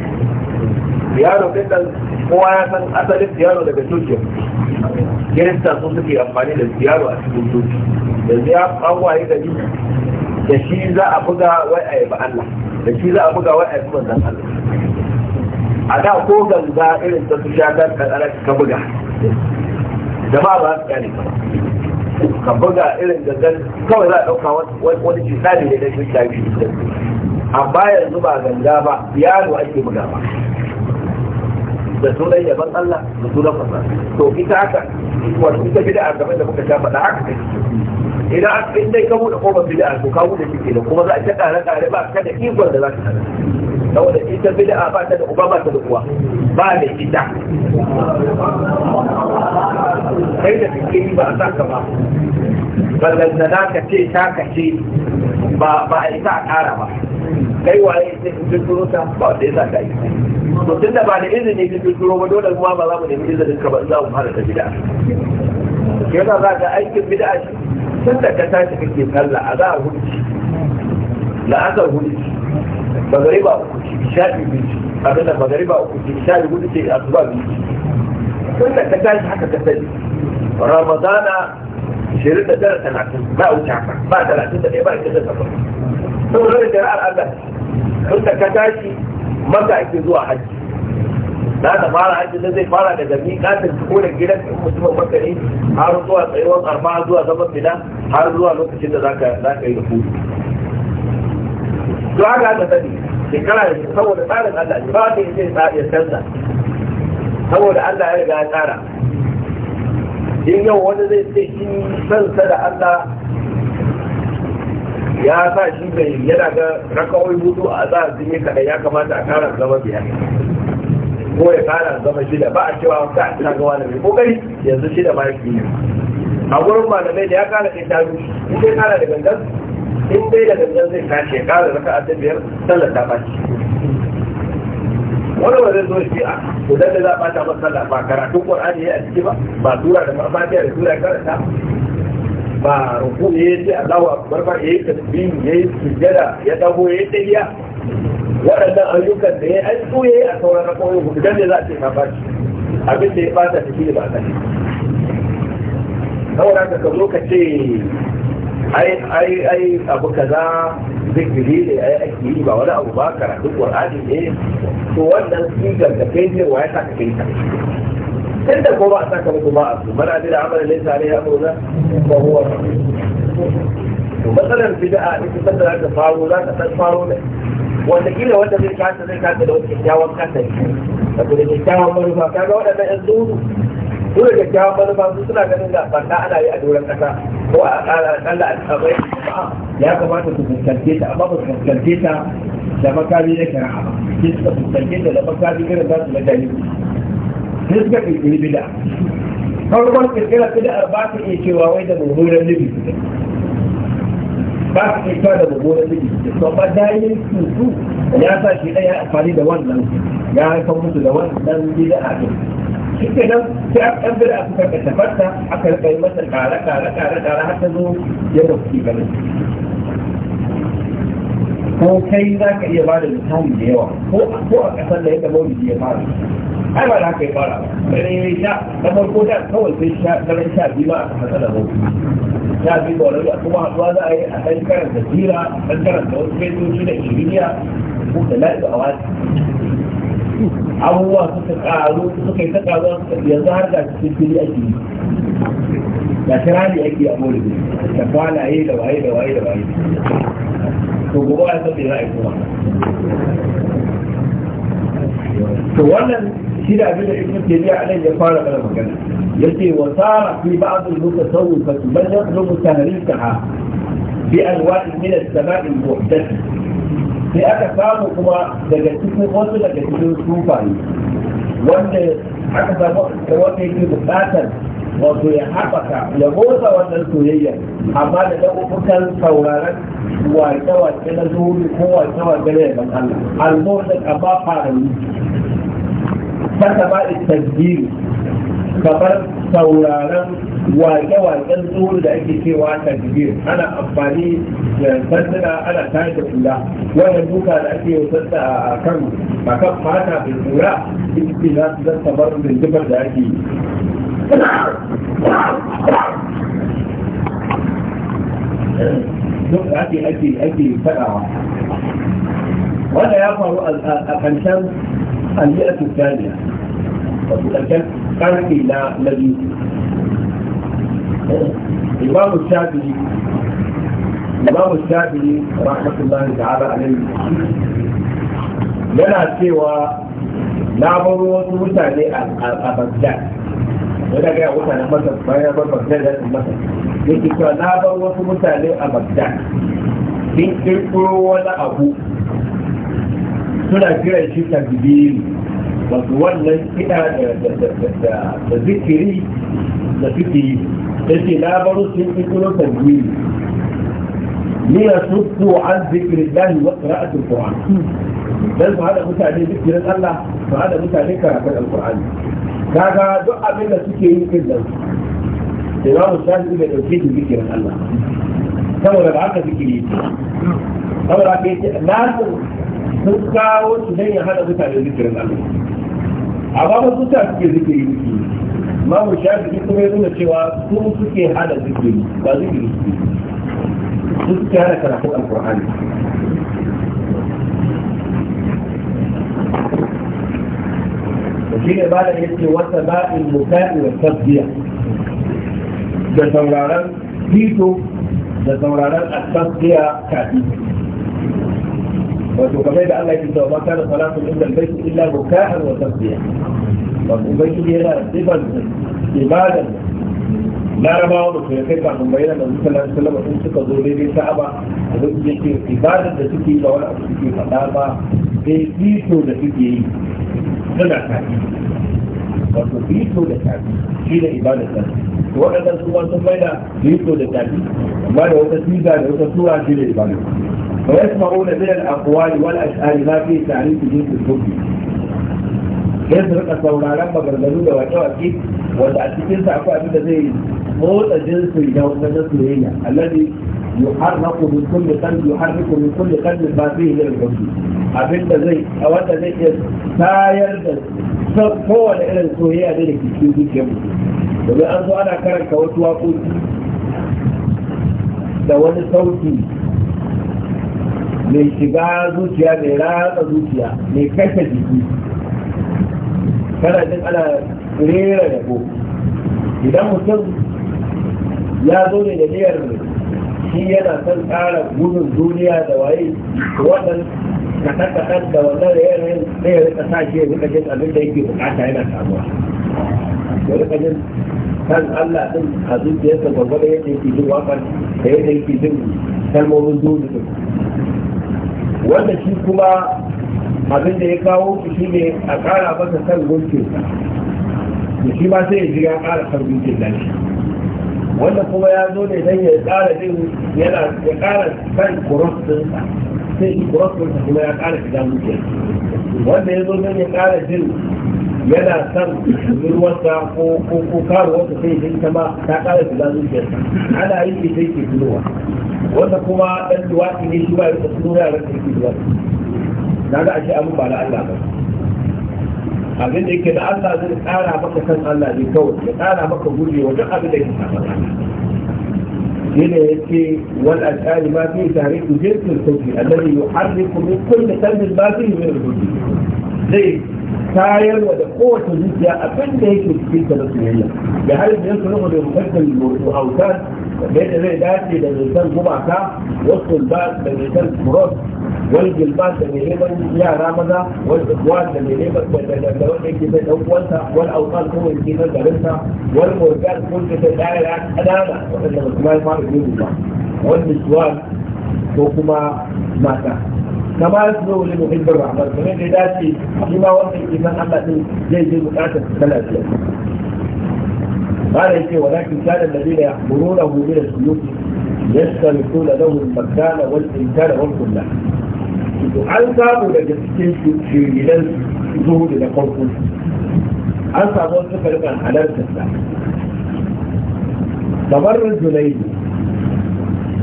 yaro dan kowa ya san asalin yaro daga turkiya kirista sun suke amfani da yaro a cikin turkiya yanzu ya kawo waye gari da shi za a buga wai a yaba Allah da shi za a buga wa a yi manzan Allah a da ko ganga irin ta su shagar kadara ka buga da ba su kyale ka ka buga irin gangan kawai za a ɗauka wani cuta ne da shi shafi amma yanzu ba ganga ba yaro ake buga ba da sunan yaban Allah da sunan fasa to ita haka wato ita bid'a gaban da muka sha faɗa haka take idan aka in dai ka buɗe kofar bid'a to kawo da shi ke da kuma za a ta ƙare ƙare ba ka da ikon da za ka saboda ita bid'a ba ta da uba ba ta da uwa ba da ita Sai da kake ba a saka ba ballanta za ka ce ta kace ba ba a isa a kara ba kai waye sai in jirgiro ta ba wanda ya sa ka yi to tun da ba da izini ka jirgiro ba dole kuma ba za mu nemi izinin ka ba za mu fara ta bid'a yana za ga aikin bid'a tun da ka tashi kake sallah a za a hulci la'asar hulci magariba uku ce isha'i biyu ce abin da magariba uku ce isha'i hudu ce asuba biyu ce tun da ka tashi haka ka sani ramadana shirin da tara talatin ba wuce haka ba talatin da ɗaya ba ita da saba saboda da jara'ar Allah tun da ka tashi maka ake zuwa hajji za ta fara hajji da zai fara daga katin ko da gidan mutumin makari har zuwa tsayuwar arfa zuwa zaman bida har zuwa lokacin da za ka yi da hudu to haka aka sani shekara da saboda tsarin Allah ba wanda ya ce ya canza saboda Allah ya riga ya tsara in yau wani zai ce shi sansa da Allah ya sa shi bai yana ga rakawai hudu a za su yi kaɗai ya kamata a kara zama biyar ko ya kara zama shida ba a cewa ka ta gawa da mai kokari yanzu shida ma yake a gurin malamai da ya kara kai taru in zai kara da gangan in dai daga nan zai tashi ya kara raka a biyar sallar ta baci wani wani zo shi a kudan da za a bata masa sallah ba karatun qur'ani ya a ciki ba ba tura da farfadiya da tura karanta ba ruku ya yi ce Allahu akbar ba ya yi tasbih ya yi sujjada ya dago ya yi tahiya waɗannan ayyukan da ya yi an so a sauran rakoyi kudan da za a ce ta baci abin da ya bata tafi da ba ta saboda ka zo ka ce ai ai ai abu kaza zikiri ne ai ake yi ba wani abu ba karatu qur'ani ne to wannan sigar da kai ne wa ya saka kai ta tun da ko ba a saka muku ba a su mana da amalin ne tare ya ko na ko huwa to matsalar bid'a ita sanda za ta faro za ta san faro ne wanda kila wanda zai kasa zai kasa da wani kyakkyawan kasa da kuma kyakkyawan manufa kaga waɗannan yan zuru ko da kyakkyawan manufa su suna ganin da banna ana yi a doron kasa ko a ƙara ƙalla a tsabai ya kamata su fuskance ta amma ba su fuskance ta da makami na shari'a ba sai suka fuskance ta da makami irin za su na dalili sai suka ƙirƙiri bida farkon ƙirƙirar bida'ar ba su iya cewa wai da mummunan nufi ba su iya cewa da mummunan nufi to ba dalilin su ya sa shi ɗaya amfani da wannan ya haifar musu da wannan bida'a ɗin shi ke nan sai aka ɗan bira aka karkata farta aka rika yi masa kare kare kare kare har ta zo ya mafi ganin ko kai za ka iya bada misali da yawa ko a ƙasar da yadda maulidi ya fara ai ba za ka yi fara bare ya sha na farko da kawai sai sha daren sha biyu ma aka hasa da maulidi sha biyu ba wani kuma haɗuwa za a yi a ɗan karanta jira ɗan karanta wasu fesoci da kimiyya ko da la'ibu a wasu abubuwa suka karu suka yi ta karuwa yanzu har da cikin fili ake yi da kirani ake a mori da kwalaye da waye da waye da waye to gobe ya sace za a yi kuma to wannan shi da abin da ibn tabiya alai ya fara kana magana yace wa sara fi ba'd al-mutasawwifa bal yaqlubu tahrikaha bi anwa' min as-sama' al-muhdath sai aka samu kuma daga cikin wasu daga cikin sufaye wanda aka samu wata yake bukatar wato ya haɓaka ya motsa wannan soyayya amma da ɗaukukan sauraron wace-wace na zuri ko wace-wace na yaban Allah alzuhur da fara farani ta kama istajiri kamar sauraron wake-waken tsohon da ake cewa tajbir ana amfani da sanduna ana tayar da kula wannan duka da ake yi sassa a kan akan fata da kura ita ce za su zanta bar zindibar da ake yi duk da ake ake ake fadawa wanda ya faru a ƙarshen aliyar tuttaniya wato ƙarshen ƙarfe na biyu imamu shafi'i imamu shafi'i rahmatullahi ta'ala alaihi yana cewa na baro wasu mutane a Baghdad wanda ga mutanen Masar bayan bar Baghdad da yake cewa na bar wasu mutane a Baghdad sun kirkiro wani abu suna kiran shi takbiri wato wannan kiɗa da zikiri da suke yi yace na baro sun fitiro ne. ni ya ko an zikrillahi wa qira'atul qur'an dan su hada mutane zikirin Allah su haɗa mutane karatun alqur'ani kaga duk abin da suke yi din nan imamu shafi'i bai dauke shi zikirin Allah saboda ba haka zikiri saboda haka yace na sun kawo su dan ya hada mutane zikirin Allah A ba su ta suke zikiri imamu shafi kuma ya nuna cewa su suke hana zikiri ba zikiri su suke hana karatun alkur'ani shi ne ba da yake wata ba'in muta'i da tasbiya da sauraron fito da sauraron tasbiya kafi wato kamar da Allah ya ce wa ma kana salatu illa al-bayt illa muka'an wa tasbiya kan ubangiji yana sifar ibadar larabawa da kuma kai kafin bayyana da mutum na sallama sun suka zo daidai sa'aba a lokacin yake ibadar da suke ba wani abu suke faɗa ba sai fito da suke yi suna tafi wato fito da tafi shi da ibadar da waɗannan su ma sun maida fito da tafi amma da wata siga da wata sura shi da ibadar ويسمعون من الأقوال والأشعار ما فيه تعريف جنس الحكم sai su rika sauraron maganganu da wake-wake wanda a cikin sa akwai abin da zai motsa jinsu da na soyayya alladhi yuharraku min kulli qalbi yuharraku min kulli qalbi ba zai yi rubutu abin da zai a wanda zai iya tayar da kowane irin soyayya da ke cikin zuciyar mutum domin an zo ana karanta wasu waƙoƙi da wani sauti mai shiga zuciya mai ratsa zuciya mai kashe jiki فلازم على كريرة يكون إذا مصد يا دول الهير هي لا تنقال بود الدنيا دوائي وطن نحن تقد دوالا الهير هين هي لك ساشية هكا جد أمين دايكي وقعت عينا كأبوح ولكا جد كان الله تن حضور جيسا بربا هي دايكي جد وقعت هي دايكي جد كان مورو الدنيا وانا شيكما abin da ya kawo shi ne a kara masa san gunkin da shi ba sai ya jira kara san gunkin da shi wanda kuma ya zo ne dan ya kara jin yana ya kara san kuros ɗinsa sai shi kuros ɗinsa kuma ya kara shiga gunkin wanda ya zo dan ya kara jin yana san ruwansa ko ko ko karo wata sai ya ta ma ta kara shiga zuciyarsa ana yi sai ke tunowa wanda kuma dan duwatsi ne shi ba ya tunowa ya rasa ke duwatsi na ga ashe abin ba na Allah ba abin da yake da Allah zai tsara maka san Allah ne kawai ya tsara maka guje wa abin da yake saba هنا يأتي والأسئلة ما فيه تحريك جنس الحجي الذي يحرك من كل تنز ما فيه من الحجي زي تاير ودقوة الجنسية أبن ليك في الثلاثية بحال جنس نقل المحجم الأوتان بين الرئي داتي للإنسان جمعة وسط الباب للإنسان فرص والجلبات لليبر يا رامضة والإخوان لليبر والدولة كيف تنوانسا والأوطان كل كيف تنوانسا والمرجال كل كيف تنوانسا أنا وإنما الكمال ما يجيب الله والنسوان وكما ماتا كما يسمو لمحب الرحمن فمن ذاتي فيما وصل الإيمان الله زي زي بتاعته ثلاثة قال يجي ولكن كان الذين يأمرونه من السلوك يستمكون له المكان والإمكان والكلان an samu daga cikin shirinan zuhudu da farko an samu wasu karfan halartar sa kamar junai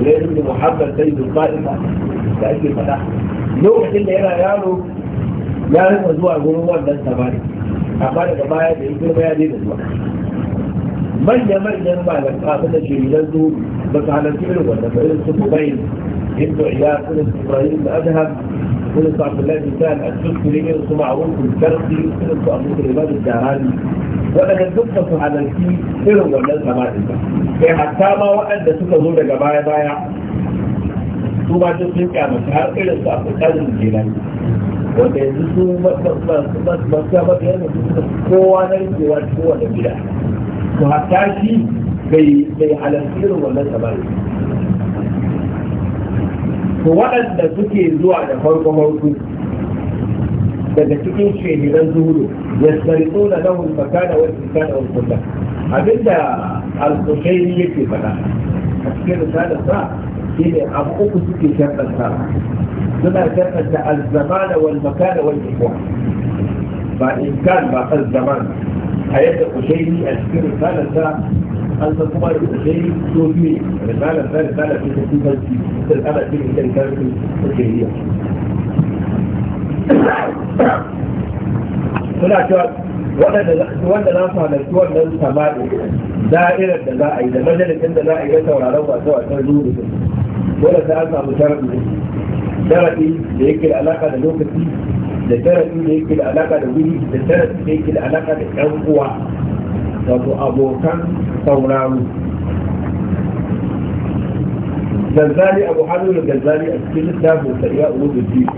junai da muhammad sai da ba'ida da ake fada lokacin da yana yaro ya rika zuwa gurin wannan sabari amma daga baya da ya girma ya daina zuwa manya-manyan da kafin da shirinan zuwa ba su halarci irin wanda ba irin su bai ibnu iya kuma su bai da azhar kuma su abdullahi bin sa'ad a tuskuri irin su ma'arun karfi kuma su abu ba da jarani waɗanda duk ba su halarci irin wannan samadin ba sai hatta ma waɗanda suka zo daga baya-baya su ma duk sun kyamata har irin su abu kalin jelani wanda yanzu su masu masu masu masu masu masu masu masu masu masu masu masu masu masu masu masu masu masu to hatta shi bai bai halarci irin wannan tabari to waɗanda suke zuwa da farko farko daga cikin shehiran zuhudu ya sarito da lahun makana wa tsakana wa kullum abinda al-kushairi yake faɗa a cikin risalar sa shine abu uku suke sharɗanta suna sharɗanta al-zamana wal makana wal ikwa ba imkan ba al-zamana حياة القشيري الكبير فعلا ده أنت تقوى القشيري توفي فعلا فعلا فعلا في تسليم فلسي الأمل في الإنسان كانت القشيرية suna cewa wanda za su halarci wannan samari da'irar da za a yi da majalisin da za a yi na sauraron wasu wasan zuru dole sai an samu sharaɗi sharaɗi da yake da alaƙa da lokaci da darasi da yake da alaka da wuri da darasi da yake da alaka da yan uwa wato abokan sauraro gazzali abu hannu da gazzali a cikin littafin sariya uwu da biyu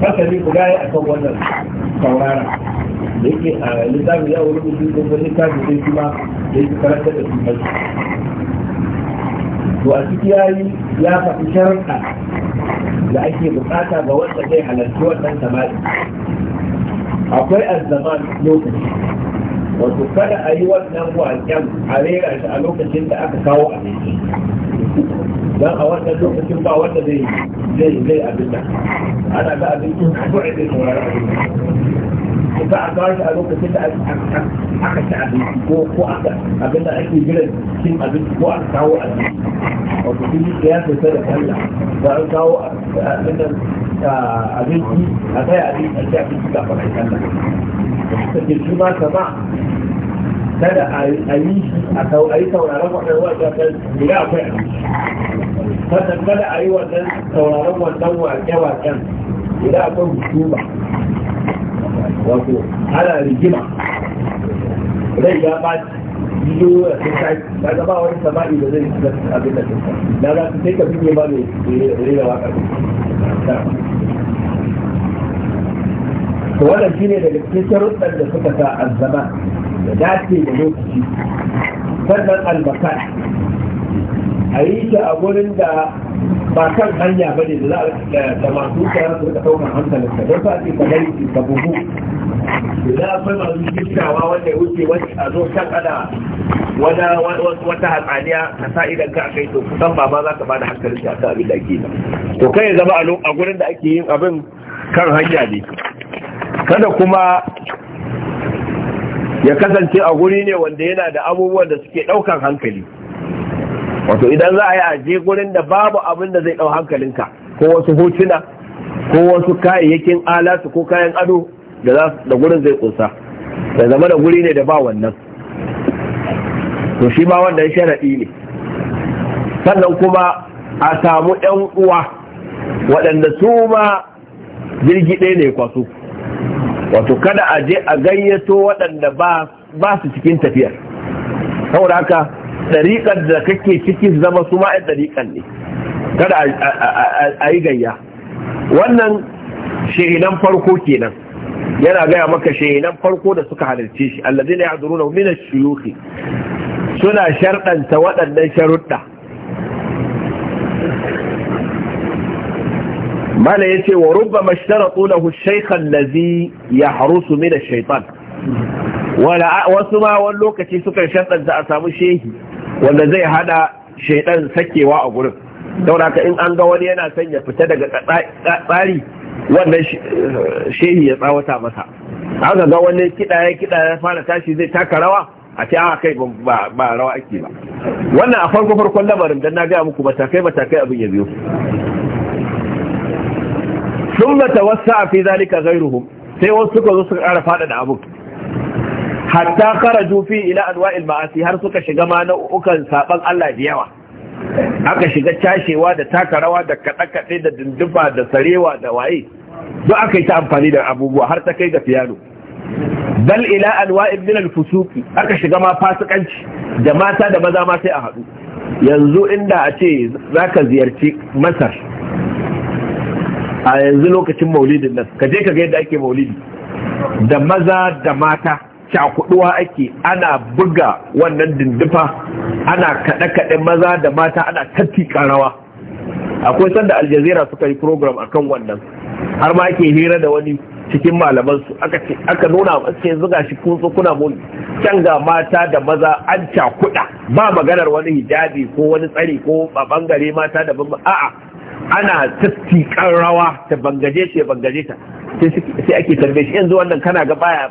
fasali guda ya akan wannan saurara da yake a littafin ya wurin ji ko wani littafin sai kuma da yake karanta da su to a ciki ya yi ya faɗi sharaɗa da ake bukata ga wanda zai halarci wannan samari akwai azzaman lokaci wato kada a yi wannan waƙen a rera shi a lokacin da aka kawo abinci don a wannan lokacin ba wanda zai zai abin nan ana ga abincin kuma da sauraron abin ba a kawo shi a lokacin da aka ci azuma ko ko aka abin da ake jiran cin abinci ko aka kawo azuma wato sun yi ya sosai da sallah za a kawo abin da abinci a kai abinci a ci abinci kafin a sallah take shi ma sama kada a yi shi a sauraron wannan wajen idan akwai abinci sannan kada a yi wannan sauraron wannan waken-waken idan akwai hukuma wato ana rigima rai ya ba yiwu a cikin ta gaba wani sama'i da zai shiga abin da na za su sai ka fiye ba mai rera waka to wannan shine daga cikin sharuɗan da suka sa azzama da dace da lokaci sannan albakar a yi shi a gurin da ba kan hanya ba ne da za da masu kaya su rika ɗaukar hankalin ka don sa ce ka gari ka bugu za a kai masu gittawa wanda ya wuce wani a zo kan ana wata hatsaniya ka sa idan ka kai to kusan ba ma za ka bada hankalin ka ta abin da ake yi. to kai ya zama a gurin da ake yin abin kan hanya ne kada kuma ya kasance a guri ne wanda yana da abubuwan da suke ɗaukar hankali wato idan za a yi aje gurin da babu abin da zai ɗau hankalinka ko wasu hotuna ko wasu kayayyakin alatu ko kayan ado da gurin zai kusa da zama da guri ne da ba wannan to shi ma wannan sharaɗi ne sannan kuma a samu 'yan uwa waɗanda su ma jirgi ɗaya ne kwaso wato kada a je a gayyato waɗanda ba su cikin tafiyar saboda haka ɗariƙar da kake ciki zama su ma'ai ɗariƙar ne kada a yi gayya wannan shehinan farko kenan yana gaya maka shehinan farko da suka halarci shi allazi na ya'zuru na minas shuyuki suna sharɗanta waɗannan sharuɗa mala ya ce wa rubba mashtaratu lahu shaykhan lazi ya harusu mina shaitan wasu ma wani lokaci suka sharɗanta a samu shehi wanda zai hada shaidan sakewa a gurin saboda haka in an ga wani yana son ya fita daga tsari wannan shehi ya tsawata masa haka ga wani kiɗa ya ya fara tashi zai taka rawa a ce aka ah, kai ba rawa ake ba wannan a farko farkon lamarin don na gaya muku matakai matakai abin ya biyo sun ta wasu a fi zalika ruhu sai wasu suka zo suka fada da abin hatta kharaju fi ila anwa'il ma'asi har suka shiga ma nau'ukan saban Allah da yawa aka shiga cashewa da taka rawa da kadakade da dinduba da sarewa da waye duk aka yi ta amfani da abubuwa har ta kai ga fiyano bal ila anwa'in min al-fusuqi aka shiga ma fasikanci da mata da maza ma sai a hadu yanzu inda a ce zaka ziyarci Masar a yanzu lokacin maulidin nan ka je ka ga yadda ake maulidi da maza da mata cakuduwa ake ana buga wannan dindufa ana kaɗe-kaɗe maza da mata ana tatti rawa akwai sanda aljazira suka yi program akan wannan har ma ake hira da wani cikin malaman su aka nuna masu zuga shi kun so kuna mun can ga mata da maza an cakuda ba maganar wani hijabi ko wani tsari ko a bangare mata da ban a'a ana tatti rawa ta bangaje ta bangaje ta sai ake tarbe shi yanzu wannan kana ga baya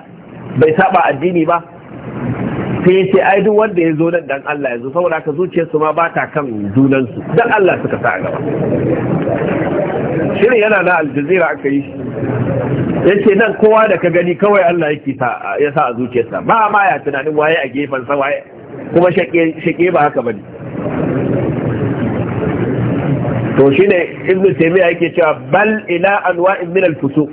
bai saba addini ba sai ya ce ai duk wanda ya zo nan dan Allah ya saboda ka zuciyarsu ma ba ta kan junansu dan Allah suka sa gaba shirin yana na aljazeera aka yi ya ce nan kowa da ka gani kawai Allah yake ya sa a zuciyarsa ba ma ya tunanin waye a gefen sa waye kuma shake ba haka bane to shine ibnu taymiya yake cewa bal ila anwa'in min al-fusuq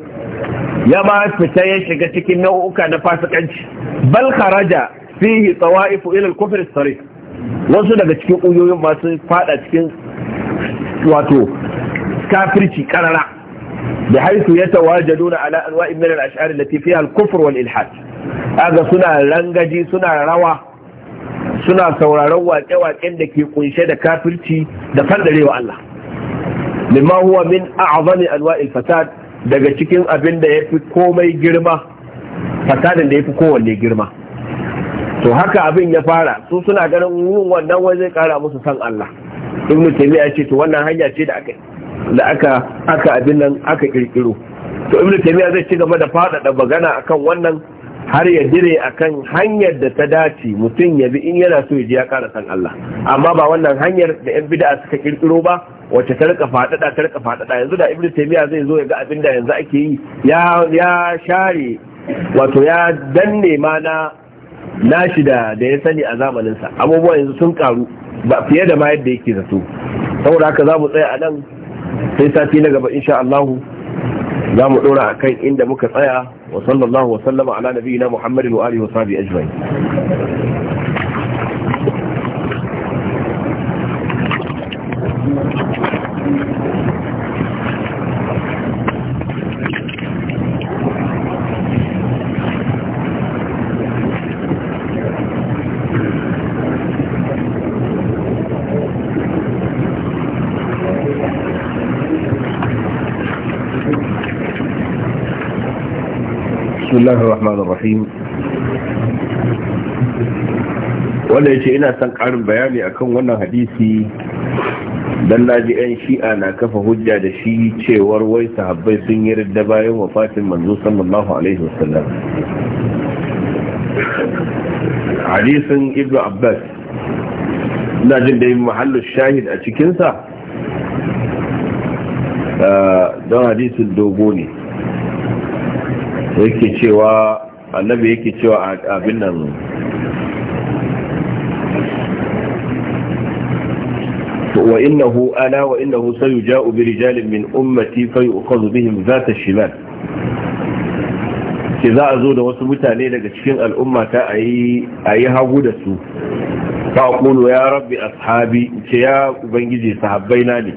ya fita ya shiga cikin nau'uka na fasikanci bal kharaja fihi tawaifu ila al-kufr as-sarih wasu daga cikin ƙungiyoyin masu fada cikin wato kafirci karara da haisu ya tawajaduna ala anwa'in min al-ash'ar allati fiha al-kufr wal ilhad kaga suna rangaji suna rawa suna sauraron waƙe-waƙen da ke kunshe da kafirci da fandarewa Allah limma huwa min a'zami anwa'il fasad daga cikin abin da ya fi komai girma fasadin da ya fi kowanne girma to haka abin ya fara su suna ganin yin wannan wai zai kara musu san Allah ibn taymiya ya ce to wannan hanya ce da aka da aka aka abin nan aka kirkiro to ibnu taymiya zai ci gaba da faɗaɗa magana akan wannan har ya dire kan hanyar da ta dace mutum ya bi in yana so ya ji ya kara san Allah amma ba wannan hanyar da yan bid'a suka kirkiro ba wacce ta rika fadada ta rika fadada yanzu da Ibn Taymiyyah zai zo ya ga abin da yanzu ake yi ya ya share wato ya danne ma na nashi da da ya sani a zamanin sa abubuwa yanzu sun karu ba fiye da ma yadda yake zato saboda haka za mu tsaya a nan sai sati na gaba insha Allah za mu dora akan inda muka tsaya وصلى الله وسلم على نبينا محمد وآله وصحبه أجمعين الله الرحمن الرحيم wanda ya ce ina son ƙarin bayani akan wannan hadisi don naji 'yan shi'a na kafa hujja da shi cewar wai sahabbai sun yi ridda bayan wafatin manzo sallallahu alaihi wasallam hadisin ibn abbas ina jin da yin mahallin shahid a cikinsa ah, don hadisin dogo ne yake cewa annabi yake cewa abin nan wa innahu ala wa innahu sayuja'u bi rijalin min ummati fa yu'khadhu bihim zata shimal ke za a zo da wasu mutane daga cikin al'umma ta ayi ayi hagu da su فأقول يا رب أصحابي يا بنجي صحابينا لي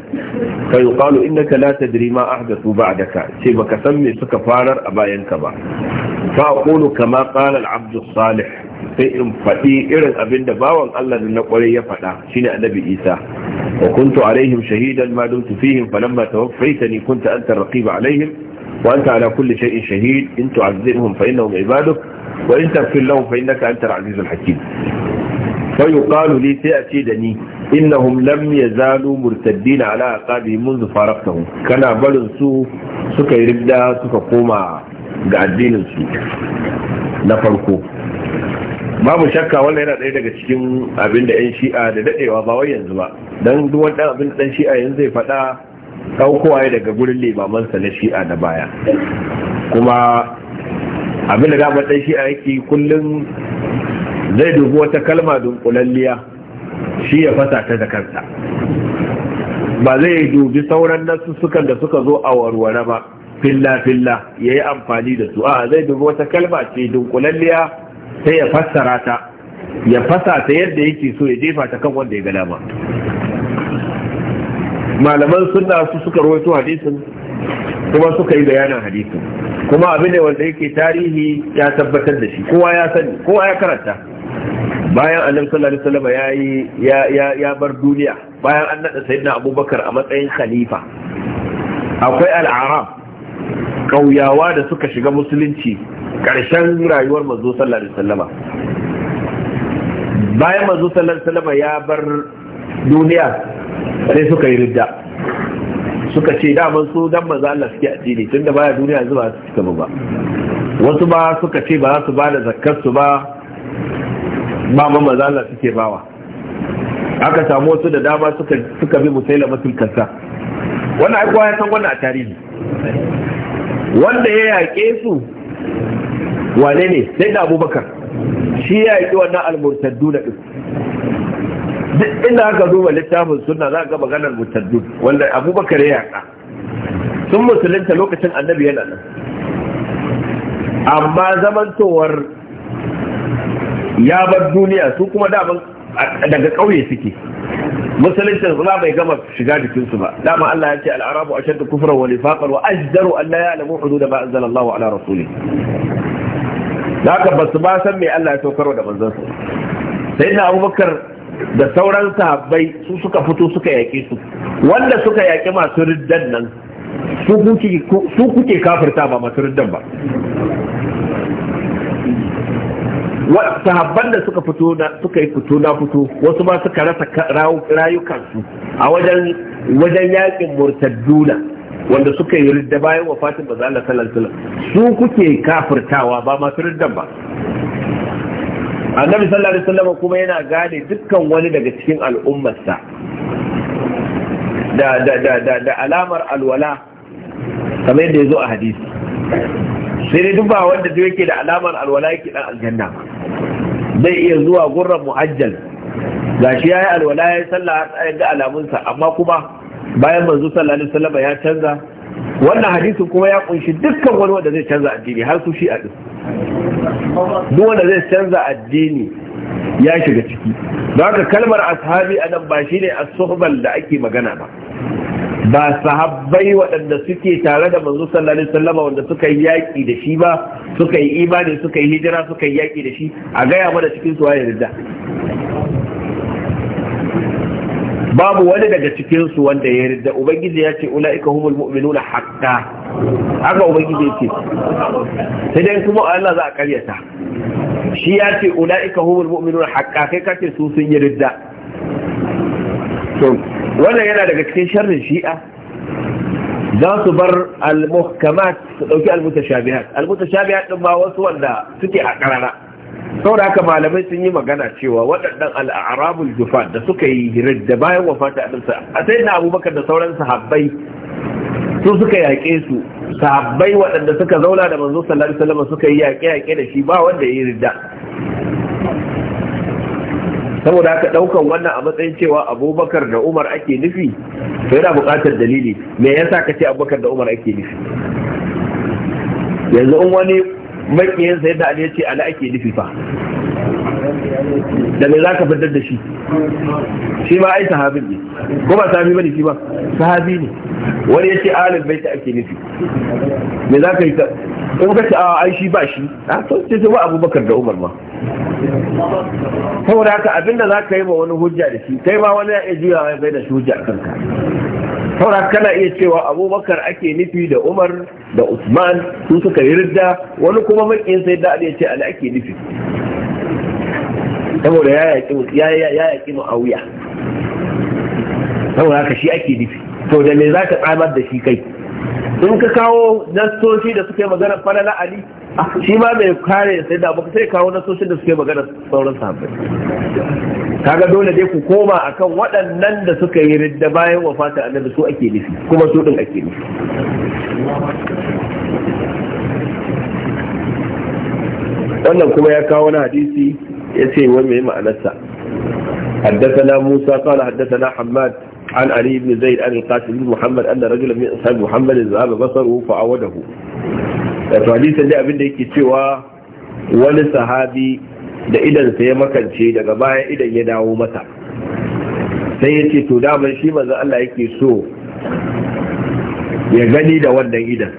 فيقال إنك لا تدري ما أحدث بعدك سيبك سمي سكفارر أبا ينكبا فأقول كما قال العبد الصالح sai in faɗi irin abin da bawan Allah da na kwarai ya faɗa shine annabi Isa wa kuntu alaihim shahidan ma dumtu fihim falamma tawaffaytani kunta anta raqiba alaihim wa anta ala kulli shay'in shahid in tu'azzibhum fa innahum in azizul hakim fa yuqalu li sai a ce da ni innahum lam yazalu murtaddina ala aqabi munzu faraqtahum kana barin su suka yi ridda suka koma ga addinin su na farko babu shakka wannan yana daya daga cikin abin da 'yan shi'a da daɗewa ba wai yanzu ba Dan duwan ɗan abin da ɗan shi'a yanzu zai faɗa ɗaukowa ya daga gurin limamansa na shi'a da baya kuma abin da damar ɗan shi'a yake kullum zai dubi wata kalma dunkulalliya shi ya fasa ta da kansa ba zai dubi sauran nasussukan da suka zo a warware ba filla-filla ya yi amfani da su a zai dubi wata kalma ce dunkulalliya sai ya fassara ta ya fasa ta yadda yake so ya jefa ta kan wanda ya gada ba. malaman suna su suka rawaito hadisin kuma suka yi bayanin hadisin kuma abin da wanda yake tarihi ya tabbatar da shi kowa ya sani kowa ya karanta bayan annabi sallallahu alaihi wasallam ya ya ya bar duniya bayan an nada sayyidina abubakar a matsayin khalifa akwai al'arab kauyawa da suka shiga musulunci karshen rayuwar manzo sallallahu alaihi wasallam bayan manzo sallallahu alaihi wasallam ya bar duniya sai suka yi ridda suka ce daman su dan manzo Allah suke addini tunda baya duniya yanzu ba su cika ba wasu ba suka ce ba za su ba da zakkar su ba Ba manzo Allah suke bawa aka samu wasu da dama suka suka bi musailama tulkansa wannan ai kowa ya san wannan a tarihi wanda ya yaƙe su wane ne sai da abubakar shi ya yaƙi wannan almurtaddu na ɗin duk inda aka duba littafin suna za ga maganar murtaddu wanda abubakar ya yaƙa sun musulunta lokacin annabi yana nan amma zamantowar ya bar duniya su kuma daman daga ƙauye suke musuluncin su bai gama shiga jikinsu ba dama Allah ya ce al'arabu ashaddu kufran wa nifaqan wa ajdaru an la ya'lamu hudud ma anzala ala rasulih haka basu ba san me Allah ya saukar da manzon sa sai na Abubakar da sauran sahabbai su suka fito suka yaƙe su wanda suka yaƙi masu riddan nan su kuke kafirta ba masu riddan ba sahabban da suka fito suka yi fito na fito wasu ma suka rasa rayukansu a wajen wajen yakin murtadduna wanda suka yi ridda bayan wafatin ba Allah sallallahu alaihi su kuke kafirtawa ba masu riddan ba annabi sallallahu alaihi wasallam kuma yana gane dukkan wani daga cikin al'ummarsa da da da da, da alamar alwala kamar yadda ya zo a hadisi sai dai duk ba wanda zai yake da alamar alwala yake dan aljanna ba zai iya zuwa gurran mu'ajjal gashi yayi alwala ya yi sallah ya ga alamunsa amma kuma bayan manzo sallallahu alaihi wasallam ya canza wannan hadisin kuma ya kunshi dukkan wani wanda zai canza addini har su shi a din duk wanda zai canza addini ya shiga ciki don haka kalmar ashabi a nan ba shine as-suhbal da ake magana ba ba sahabbai waɗanda suke tare da manzo sallallahu alaihi wasallam wanda suka yi yaƙi da shi ba suka yi imani suka yi hijira suka yi yaƙi da shi a gaya mana cikin su waye ridda babu wani daga cikin su wanda ya ridda ubangiji ya ce ulaika humul mu'minuna hatta haka ubangiji ya ce sai dai kuma Allah za a karyata shi ya ce ulaika humul mu'minuna hatta kai kace su sun yi ridda wannan yana daga cikin sharrin shi'a za su bar al-muhkamat su dauki al-mutashabihat al-mutashabihat din ba wasu wanda suke a karara saboda haka malamai sun yi magana cewa waɗannan al-arabul jufat da suka yi hirar da bayan wafata ɗinsa a sai na abubakar da sauran sahabbai su suka yaƙe su sahabbai waɗanda suka zauna da manzo sallallahu alaihi wasallam suka yi yaƙe yaƙe da shi ba wanda ya yi ridda saboda haka daukan wannan a matsayin cewa abubakar da umar ake nufi to yana buƙatar dalili me yasa ka ce abubakar da umar ake nufi yanzu in wani makiyin sai da ya ce ali ake nufi fa da me za ka fitar da shi shi ma ai sahabin ne ko ba sahabi bane shi ba sahabi ne wani ya yace alif ta ake nufi me za ka yi in ka ce a ai shi ba shi a ah, to ce ba abubakar da umar ma saboda haka abinda za ka yi ma wani hujja da shi kai ma wani ya iya ya bai da shi hujja a kanka saboda kana iya cewa abubakar ake nufi da umar da usman sun suka yi ridda wani kuma makin sai da ya ce ali ake nufi saboda ya yaƙi ya yaƙi mu'awiya saboda haka shi ake nufi to da me za ka tsamar da shi kai in ka kawo nasoshi da suka yi magana fara la'ali ah, shi ma mai kare sai da baka sai kawo nasoshi da suka yi magana sauran sahabbai kaga dole dai ku koma akan waɗannan da suka yi ridda bayan wafata annabi su ake nufi kuma su din ake nufi wannan kuma ya kawo na hadisi ya ce wani mai ma'anarsa حدثنا موسى قال حدثنا حماد عن علي بن زيد عن القاسم بن محمد أن رجلا من أصحاب محمد ذهب بصره فعوده فحديثا ده أبن ديكي سوى wani sahabi da idan sai ya makance daga baya idan ya dawo masa sai ya ce to daman shi manzo Allah yake so ya gani da wannan idan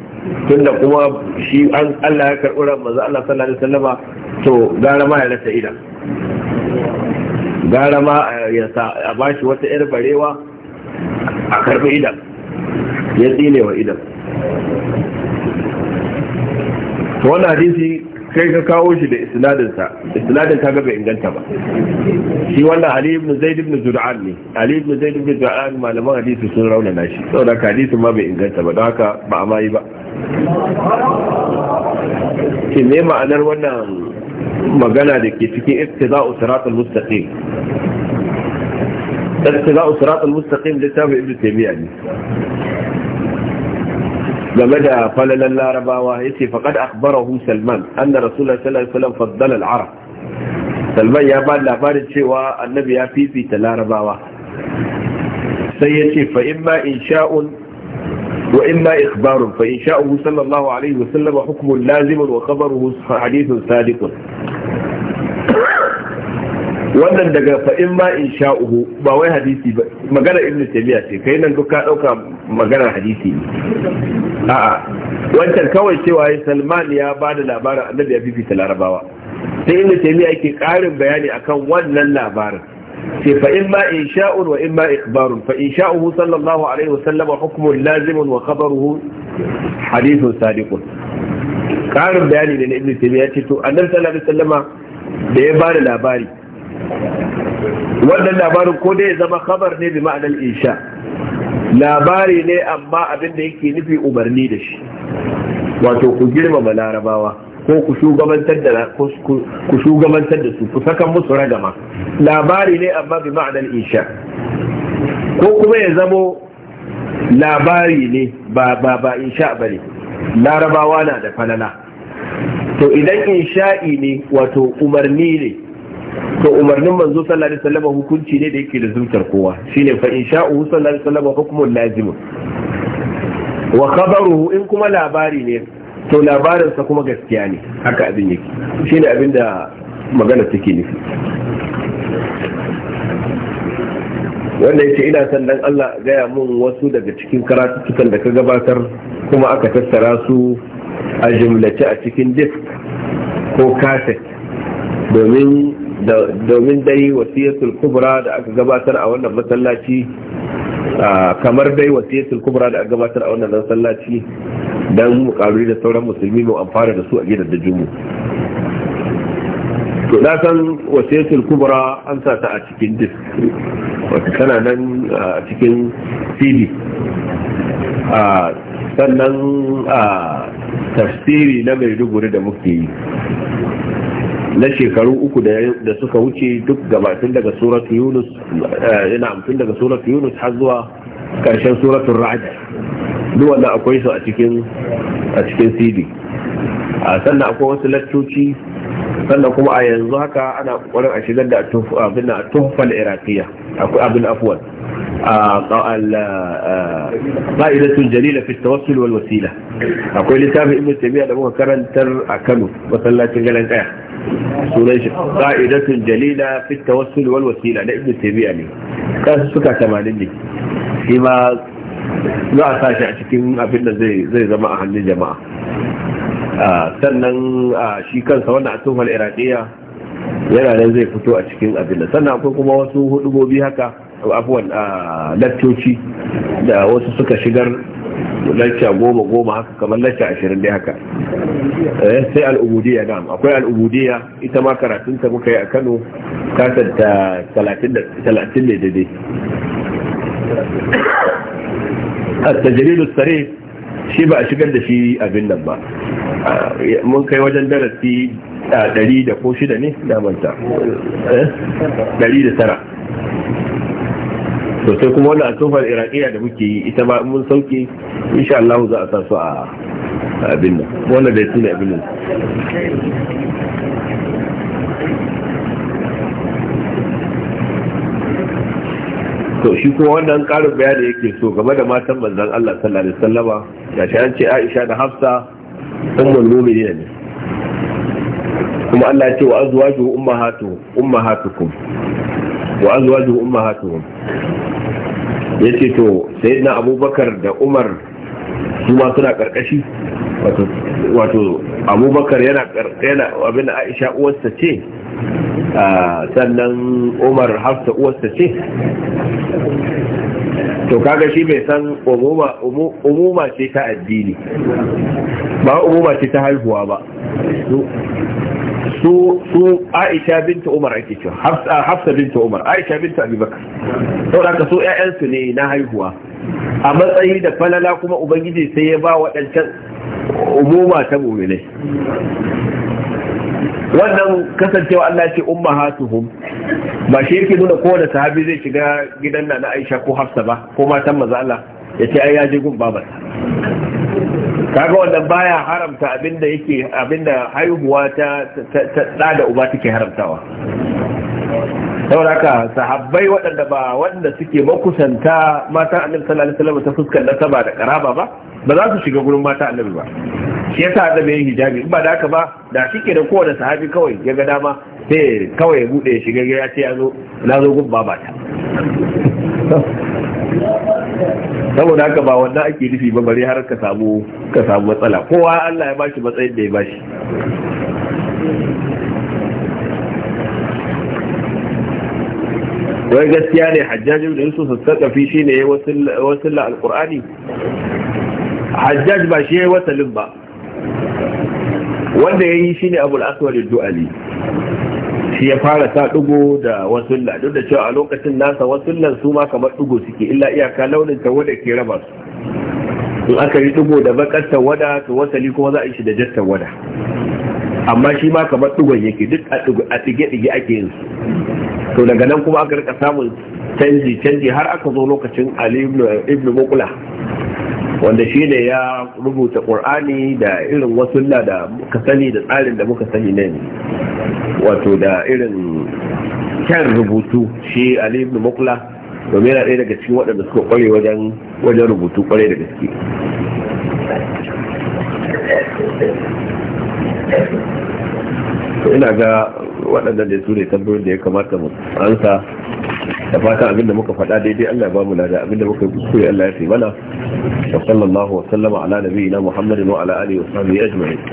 tunda kuma shi an Allah ya karɓi ran manzo Allah sallallahu alaihi wasallama to gara ma ya rasa idan gara ma ya sa a bashi wata yar barewa a karɓi idan ya tsine wa idan wani hadisi kai ka kawo shi da isnadinsa isnadin ka gaba inganta ba shi wannan ali ibn zaid ibn zur'an ne ali ibn zaid ibn zur'an malaman hadisi sun raunana shi saboda hadisin ma bai inganta ba don haka ba a mayi ba shi ne ma'anar wannan magana da ke cikin iftiza'u siratal mustaqim اتباع صراط المستقيم لتابع ابن تيمية دي لما قال لنا ربا واهيتي فقد اخبره سلمان ان رسول الله صلى الله عليه وسلم فضل العرب سلمان يا بان لا بان شوى النبي في في تلا ربا سيتي فاما انشاء واما اخبار فانشاؤه صلى الله عليه وسلم حكم لازم وخبره حديث صادق wannan daga fa'in ma in sha'uhu ba wai hadisi ba magana Ibn taymiya ce kai nan duka dauka maganar hadisi ne a'a wancan kawai cewa ya salman ya bada labarin annabi ya fifita larabawa sai Ibn taymiya yake karin bayani akan wannan labarin ce fa in ma insha'un wa in ma ikhbarun fa insha'uhu sallallahu alaihi wa sallam hukmun lazimun wa khabaruhu hadithun sadiqun karin bayani ne na ibnu taymiya ce to annabi sallallahu alaihi wa sallama da ya bada labari wannan labarin ko dai zama kabar ne bi ma'anar insha labari ne amma abin da yake nufi umarni da shi wato ku girmama larabawa ko ku shugabantar da ku shugabantar da su ku sakan musu ragama labari ne amma bi ma'anar insha ko kuma ya zamo labari ne ba ba ba insha bane larabawa na da falala to idan insha'i ne wato umarni ne to umarnin manzo sallallahu alaihi wasallam hukunci ne da yake da zuciyar kowa shine fa insha'u sallallahu alaihi wasallam hukmun lazim wa khabaruhu in kuma labari ne to labarinsa kuma gaskiya ne haka abin yake shine abin da magana take nufi wanda yace ina son dan Allah gaya mun wasu daga cikin karatukan da ka gabatar kuma aka tattara su a jumlace a cikin disk ko kaset domin domin dai wasiyatul kubra da aka gabatar a wannan masallaci kamar dai wasiyatul kubra da aka gabatar a wannan masallaci don mu da sauran musulmi mu amfana da su a gidan jumu to na san wasiyatul kubra an sa ta a cikin disk wata tana nan a cikin cd sannan a tafsiri na mai maiduguri da muke yi na shekaru uku da suka wuce duk gabatun daga suratu yunus yana eh, amfin daga suratu yunus har zuwa karshen suratun ra'ad duk wannan akwai su a cikin a cd sannan akwai wasu lattoci sannan kuma a yanzu haka ana kwarin a shigar da abin na tuhfal iraqiya akwai abin afwan ƙa'idatun jalila fi tawassul wasila akwai littafin ibn da muka karantar a Kano masallacin galan kaya sunan shi ƙa'idatun jalila wasila da ibn ne kasu suka 80 ne shi ma za a sashi a cikin abin da zai zama a hannun jama'a sannan shi kansa wannan atufal iraqiyya yana nan zai fito a cikin abin da sannan akwai kuma wasu hudubobi haka abuwan ah, lattoci da wasu suka shigar lacca goma goma haka kamar lacca ashirin dai haka eh, sai al'ubudiyya na akwai al'ubudiyya ita ma karatunta muka yi a kano kasar ta talatin ne daidai a tajirilu tsare shi ba a shigar da shi abin nan ba ah, mun kai wajen darasi ah, ɗari da ko shida ne damanta eh, ɗari da tara Sosai kuma wannan atufar iraqiya da muke yi ita ba mun sauke insha Allah za a sa su a abin nan wannan da tuna abin nan to shi kuma wannan karin bayani yake so game da matan manzon Allah sallallahu alaihi wasallama Ya shi an ce Aisha da Hafsa ummul mu'minin ne kuma Allah ya ce wa azwaju ummahatu ummahatukum wa azwaju ummahatukum ya ce to sai na abubakar da umar su ma suna karkashi wato abubakar yana abin da aisha uwarsa ce sannan umar hafsa uwarsa ce to kaga shi mai san umuma ce ta addini ba umuma ce ta haihuwa ba su su Aisha binta Umar ake cewa Hafsa Hafsa binta Umar Aisha binta Abi Bakar saboda ka so ƴaƴan su ne na haihuwa a matsayi da falala kuma ubangiji sai ya ba waɗancan umuma ta mu'minai wannan kasancewa Allah ce ummahatuhum ba shi yake nuna kowane sahabi zai shiga gidan na Aisha ko Hafsa ba ko matan maza Allah ya ai ya je gun babarsa kaga wannan baya haramta abinda yake abinda haihuwa ta da da uba take haramtawa saboda sahabbai waɗanda ba waɗanda suke makusanta mata annabi sallallahu alaihi wasallam ta fuskar nasaba da karaba ba ba za su shiga gurin mata annabi ba shi yasa da bai hijabi in ba da haka ba da shike da kowane sahabi kawai ya ga dama sai kawai ya bude shiga ya ce ya zo na zo saboda haka ba wannan ake nufi ba bare har ka samu ka samu matsala kowa Allah ya bashi matsayin da ya bashi wai gaskiya ne hajjaji da yusuf sassakafi shi ne ya al alkur'ani hajjaj ba shi ya yi wasalin ba wanda ya yi shi ne abu al'aswar du'ali shi ya fara sa dugo da wasulla duk da cewa a lokacin nasa wasullan su ma kamar dugo suke illa iyaka launin tawada ke raba su in aka yi dugo da bakar tawada to wasali kuma za a yi shi da jar wada amma shi ma kamar dugon yake duk a tsige-tsige ake yin su to daga nan kuma aka rika samun canji canji har aka zo lokacin ali ibn mukula wanda shi ne ya rubuta ƙur'ani da irin wasulla da muka sani da tsarin da muka sani ne wato da irin kyan rubutu shi ali ibn mukla domin yana ɗaya daga cikin waɗanda suka ƙware wajen wajen rubutu ƙware da gaske ina ga waɗanda da su ne tabbatar da ya kamata mu ansa da fatan da muka faɗa daidai Allah ya bamu lada da muka kuskure Allah ya fi mana wa sallallahu wa sallama ala nabiyyina Muhammadin wa ala alihi wa sahbihi ajma'in